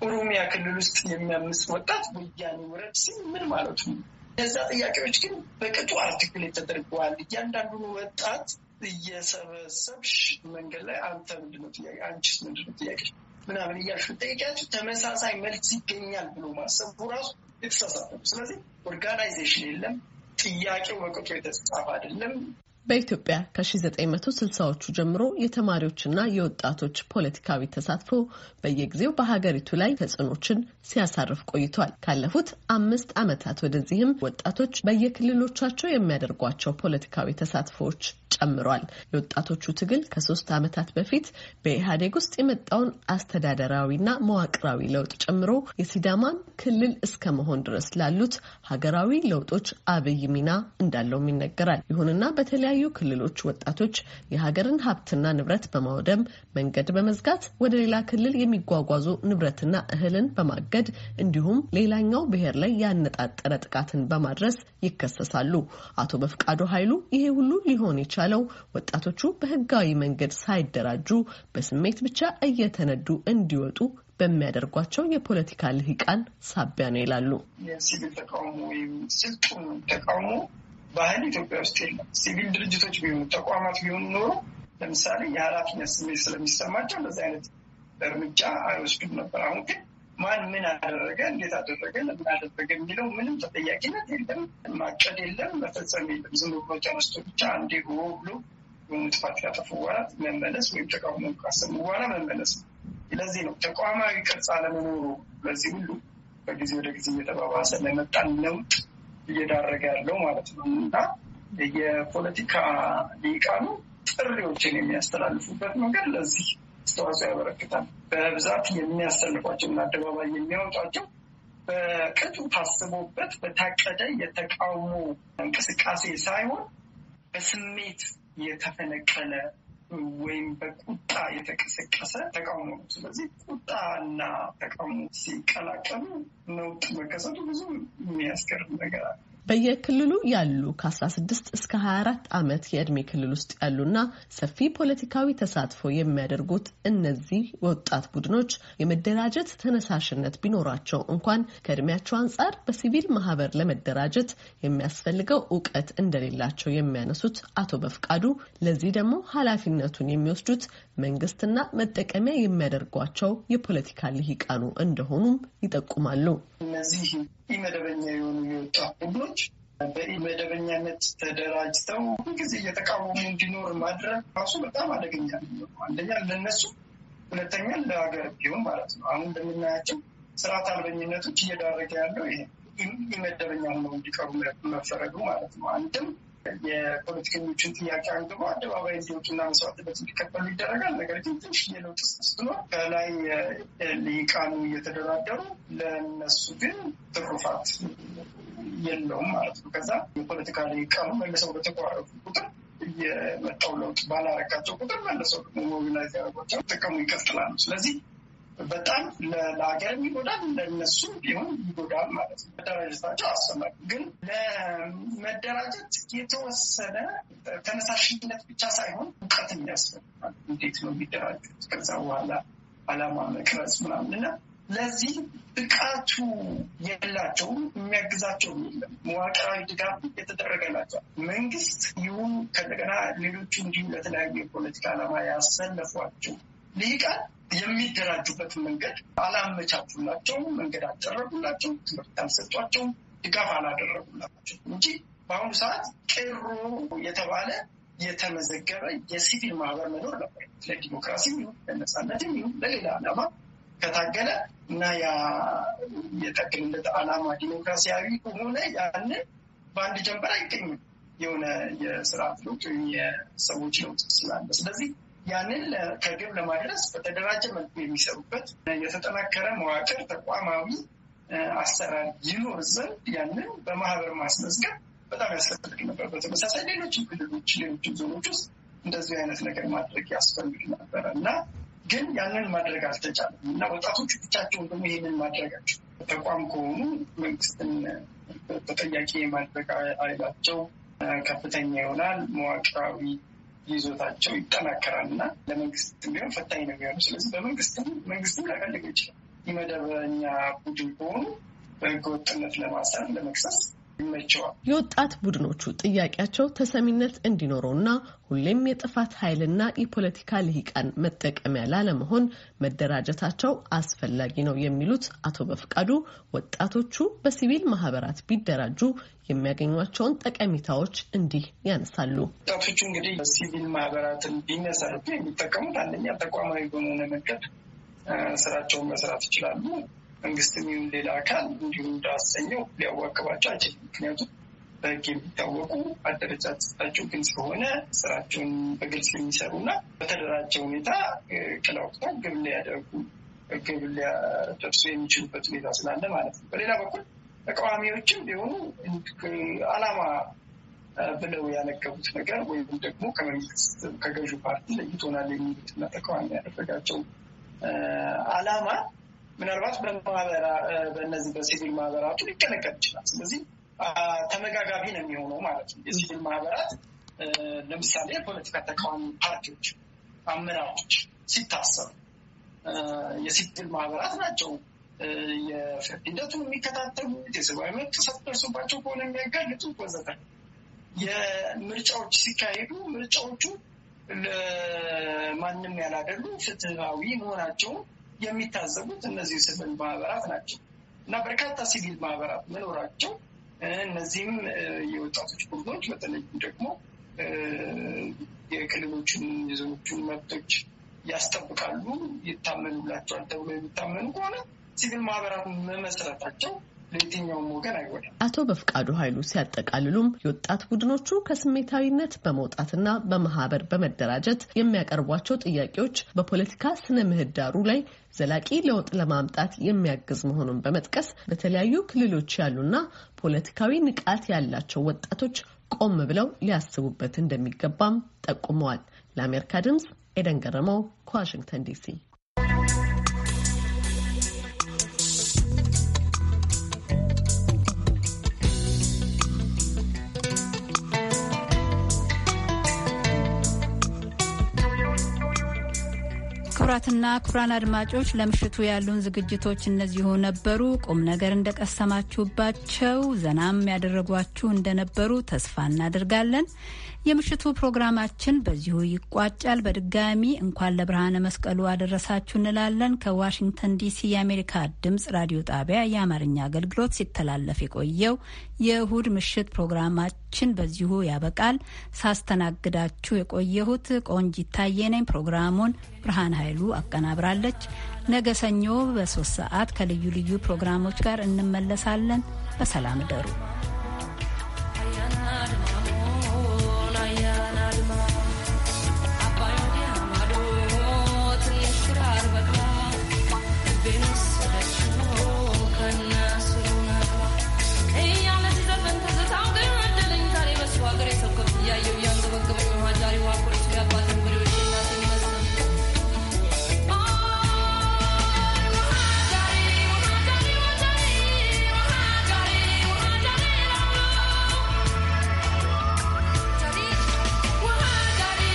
ኦሮሚያ ክልል ውስጥ የሚያምስ ወጣት ወያኔ ውረድ ሲል ምን ማለት ነው? እነዛ ጥያቄዎች ግን በቅጡ አርቲክሌት ተደርገዋል። እያንዳንዱን ወጣት እየሰበሰብሽ መንገድ ላይ አንተ ምንድነው ጥያቄ፣ አንቺስ ምንድነው ጥያቄ ምናምን እያልሽ ጠይቂያቸው ተመሳሳይ መልስ ይገኛል ብሎ ማሰቡ ራሱ የተሳሳተ ነው። ስለዚህ ኦርጋናይዜሽን የለም ጥያቄው በቅጡ የተጻፈ አይደለም። በኢትዮጵያ ከ1960ዎቹ ጀምሮ የተማሪዎችና የወጣቶች ፖለቲካዊ ተሳትፎ በየጊዜው በሀገሪቱ ላይ ተጽዕኖችን ሲያሳርፍ ቆይቷል። ካለፉት አምስት ዓመታት ወደዚህም ወጣቶች በየክልሎቻቸው የሚያደርጓቸው ፖለቲካዊ ተሳትፎዎች ጨምሯል። የወጣቶቹ ትግል ከሶስት ዓመታት በፊት በኢህአዴግ ውስጥ የመጣውን አስተዳደራዊና መዋቅራዊ ለውጥ ጨምሮ የሲዳማን ክልል እስከ መሆን ድረስ ላሉት ሀገራዊ ለውጦች አብይ ሚና እንዳለውም ይነገራል። ይሁንና በተለያዩ ከተለያዩ ክልሎች ወጣቶች የሀገርን ሀብትና ንብረት በማውደም መንገድ በመዝጋት ወደ ሌላ ክልል የሚጓጓዙ ንብረትና እህልን በማገድ እንዲሁም ሌላኛው ብሔር ላይ ያነጣጠረ ጥቃትን በማድረስ ይከሰሳሉ። አቶ በፍቃዱ ኃይሉ ይሄ ሁሉ ሊሆን የቻለው ወጣቶቹ በህጋዊ መንገድ ሳይደራጁ በስሜት ብቻ እየተነዱ እንዲወጡ በሚያደርጓቸው የፖለቲካ ልሂቃን ሳቢያ ነው ይላሉ። የሲቪል ተቃውሞ ወይም ስልጡን ተቃውሞ ባህል ኢትዮጵያ ውስጥ የለም። ሲቪል ድርጅቶች ቢሆኑ ተቋማት ቢሆኑ ኖሮ ለምሳሌ የኃላፊነት ስሜት ስለሚሰማቸው እንደዚህ አይነት እርምጃ አይወስዱም ነበር። አሁን ግን ማን ምን አደረገ፣ እንዴት አደረገ፣ ለምን አደረገ የሚለው ምንም ተጠያቂነት የለም፣ ማቀድ የለም፣ መፈጸም የለም። ዝም ብሎ ተነስቶ ብቻ አንዴ ሆ ብሎ የሆኑ ጥፋት ካጠፉ በኋላ መመለስ ወይም ተቃውሞ ካሰሙ በኋላ መመለስ ነው። ለዚህ ነው ተቋማዊ ቅርጽ አለመኖሩ ለዚህ ሁሉ በጊዜ ወደ ጊዜ እየተባባሰ ለመጣን ነውጥ እየዳረገ ያለው ማለት ነው እና የፖለቲካ ሊቃኑ ጥሪዎችን የሚያስተላልፉበት መንገድ ለዚህ አስተዋጽኦ ያበረክታል። በብዛት የሚያሰልፏቸው እና አደባባይ የሚያወጧቸው በቅጡ ታስቦበት በታቀደ የተቃውሞ እንቅስቃሴ ሳይሆን በስሜት የተፈነቀለ ወይም በቁጣ የተቀሰቀሰ ተቃውሞ ነው። ስለዚህ ቁጣና ተቃውሞ ሲቀላቀሉ ነውጥ መከሰቱ ብዙ የሚያስገርም ነገር አለ። በየክልሉ ያሉ ከ16 እስከ 24 ዓመት የዕድሜ ክልል ውስጥ ያሉና ሰፊ ፖለቲካዊ ተሳትፎ የሚያደርጉት እነዚህ ወጣት ቡድኖች የመደራጀት ተነሳሽነት ቢኖራቸው እንኳን ከዕድሜያቸው አንጻር በሲቪል ማህበር ለመደራጀት የሚያስፈልገው እውቀት እንደሌላቸው የሚያነሱት አቶ በፍቃዱ ለዚህ ደግሞ ኃላፊነቱን የሚወስዱት መንግስትና መጠቀሚያ የሚያደርጓቸው የፖለቲካ ልሂቃኑ እንደሆኑም ይጠቁማሉ። እነዚህ ኢመደበኛ የሆኑ የወጣት ቡድኖች በኢመደበኛነት ተደራጅተው ሁልጊዜ እየተቃወሙ እንዲኖር ማድረግ ራሱ በጣም አደገኛ ነው። አንደኛ ለነሱ፣ ሁለተኛ ለሀገር ቢሆን ማለት ነው። አሁን እንደምናያቸው ስርዓት አልበኝነቶች እየዳረገ ያለው ይሄ ኢመደበኛ ሆነው እንዲቀሩ መፈረጉ ማለት ነው። አንድም የፖለቲከኞችን ጥያቄ አንግቦ አደባባይ እንዲወጡና መስዋዕትነት እንዲከፈሉ ይደረጋል። ነገር ግን ትንሽ የለውጥ ስትኖር ከላይ ሊቃኑ እየተደራደሩ ለነሱ ግን ትሩፋት የለውም ማለት ነው። ከዛ የፖለቲካ ሊቃኑ መልሰው በተቆራረጡ ቁጥር የመጣው ለውጥ ባላረካቸው ቁጥር መልሰው ሞቢላይዝ ያደረጓቸው ጥቅሙ ይቀጥላሉ። ስለዚህ በጣም ለሀገር ይጎዳል፣ ለነሱም ቢሆን ይጎዳል ማለት ነው። መደራጀታቸው አስፈላጊ ግን ለመደራጀት የተወሰነ ተነሳሽነት ብቻ ሳይሆን እውቀት የሚያስፈልጋል። እንዴት ነው የሚደራጁት? ከዛ በኋላ አላማ መቅረጽ ምናምን እና ለዚህ ብቃቱ የላቸውም። የሚያግዛቸውም የለም። መዋቅራዊ ድጋፍ የተደረገላቸው መንግስት ይሁን ከእንደገና ሌሎቹ እንዲሁም ለተለያዩ የፖለቲካ ዓላማ ያሰለፏቸው ልሂቃን የሚደራጁበት መንገድ አላመቻቹላቸውም፣ መንገድ አልጨረጉላቸው፣ ትምህርት አልሰጧቸውም፣ ድጋፍ አላደረጉላቸው እንጂ በአሁኑ ሰዓት ቄሮ የተባለ የተመዘገበ የሲቪል ማህበር መኖር ነበር። ለዲሞክራሲ ይሁን ለነጻነት ይሁን ለሌላ ዓላማ ከታገለ እና ያ የጠቅልለት ዓላማ ዲሞክራሲያዊ ከሆነ ያንን በአንድ ጀንበር አይገኝም። የሆነ የስርዓት ለውጥ ወይም የሰዎች ለውጥ ስላለ ስለዚህ ያንን ከግብ ለማድረስ በተደራጀ መልኩ የሚሰሩበት የተጠናከረ መዋቅር ተቋማዊ አሰራር ይኖር ዘንድ ያንን በማህበር ማስመዝገብ በጣም ያስፈልግ ነበር። በተመሳሳይ ሌሎች ክልሎች፣ ሌሎች ዞኖች ውስጥ እንደዚህ አይነት ነገር ማድረግ ያስፈልግ ነበረ እና ግን ያንን ማድረግ አልተቻለም እና ወጣቶቹ ብቻቸውን ደግሞ ይህንን ማድረጋቸው ተቋም ከሆኑ መንግስትን ተጠያቂ የማድረግ አይላቸው ከፍተኛ ይሆናል መዋቅራዊ ይዞታቸው ይጠናከራል እና ለመንግስትም ቢሆን ፈታኝ ነው ስለዚህ በመንግስትም መንግስትም ሊያፈልግ ይችላል። የመደበኛ ቡድን ከሆኑ በህገወጥነት ለማሰር ለመክሰስ ይመቸዋል። የወጣት ቡድኖቹ ጥያቄያቸው ተሰሚነት እንዲኖረውና ሁሌም የጥፋት ኃይልና የፖለቲካ ልሂቃን መጠቀሚያ ላለመሆን መደራጀታቸው አስፈላጊ ነው የሚሉት አቶ በፍቃዱ ወጣቶቹ በሲቪል ማህበራት ቢደራጁ የሚያገኟቸውን ጠቀሜታዎች እንዲህ ያነሳሉ። ወጣቶቹ እንግዲህ ሲቪል ማህበራትን ቢመሰርቱ የሚጠቀሙት አንደኛ ተቋማዊ በሆነ መንገድ ስራቸውን መስራት ይችላሉ። መንግስትም ይሁን ሌላ አካል እንዲሁም እንዳሰኘው ሊያዋክባቸው አይችልም። ምክንያቱም በህግ የሚታወቁ አደረጃጀታቸው ግን ስለሆነ ስራቸውን በግልጽ የሚሰሩና በተደራጀ ሁኔታ ቅለውታ ግብ ሊያደርጉ ግብ ሊያደርሱ የሚችሉበት ሁኔታ ስላለ ማለት ነው። በሌላ በኩል ተቃዋሚዎችም ቢሆኑ አላማ ብለው ያነገቡት ነገር ወይም ደግሞ ከመንግስት ከገዢው ፓርቲ ለይቶናል የሚሉትና ተቃዋሚ ያደረጋቸው አላማ ምናልባት በእነዚህ በሲቪል ማህበራቱ ሊቀለቀል ይችላል። ስለዚህ ተመጋጋቢ ነው የሚሆነው ማለት ነው። የሲቪል ማህበራት ለምሳሌ የፖለቲካ ተቃዋሚ ፓርቲዎች አመራሮች ሲታሰሩ የሲቪል ማህበራት ናቸው የፍርድ ሂደቱን የሚከታተሉት፣ የሰብአዊ መብት ጥሰት ደርሶባቸው ከሆነ የሚያጋልጡ ወዘተ። የምርጫዎች ሲካሄዱ ምርጫዎቹ ለማንም ያላደሉ ፍትሃዊ መሆናቸውን የሚታዘቡት እነዚህ ሲቪል ማህበራት ናቸው እና በርካታ ሲቪል ማህበራት መኖራቸው እነዚህም የወጣቶች ቡድኖች በተለይም ደግሞ የክልሎችን የዞኖችን መብቶች ያስጠብቃሉ፣ ይታመኑላቸዋል ተብሎ የሚታመኑ ከሆነ ሲቪል ማህበራት መመስረታቸው ሁለተኛውም ወገን አይጎዳም። አቶ በፍቃዱ ኃይሉ ሲያጠቃልሉም የወጣት ቡድኖቹ ከስሜታዊነት በመውጣትና በማህበር በመደራጀት የሚያቀርቧቸው ጥያቄዎች በፖለቲካ ስነ ምህዳሩ ላይ ዘላቂ ለውጥ ለማምጣት የሚያግዝ መሆኑን በመጥቀስ በተለያዩ ክልሎች ያሉና ፖለቲካዊ ንቃት ያላቸው ወጣቶች ቆም ብለው ሊያስቡበት እንደሚገባም ጠቁመዋል። ለአሜሪካ ድምፅ ኤደን ገረመው ከዋሽንግተን ዲሲ ክቡራትና ክቡራን አድማጮች ለምሽቱ ያሉን ዝግጅቶች እነዚሁ ነበሩ። ቁም ነገር እንደቀሰማችሁባቸው ዘናም ያደረጓችሁ እንደነበሩ ተስፋ እናደርጋለን። የምሽቱ ፕሮግራማችን በዚሁ ይቋጫል። በድጋሚ እንኳን ለብርሃነ መስቀሉ አደረሳችሁ እንላለን። ከዋሽንግተን ዲሲ የአሜሪካ ድምፅ ራዲዮ ጣቢያ የአማርኛ አገልግሎት ሲተላለፍ የቆየው የእሁድ ምሽት ፕሮግራማችን በዚሁ ያበቃል። ሳስተናግዳችሁ የቆየሁት ቆንጅ ይታየ ፕሮግራሙን ብርሃን ኃይሉ አቀናብራለች። ነገ ሰኞ በሶስት ሰዓት ከልዩ ልዩ ፕሮግራሞች ጋር እንመለሳለን። በሰላም ደሩ።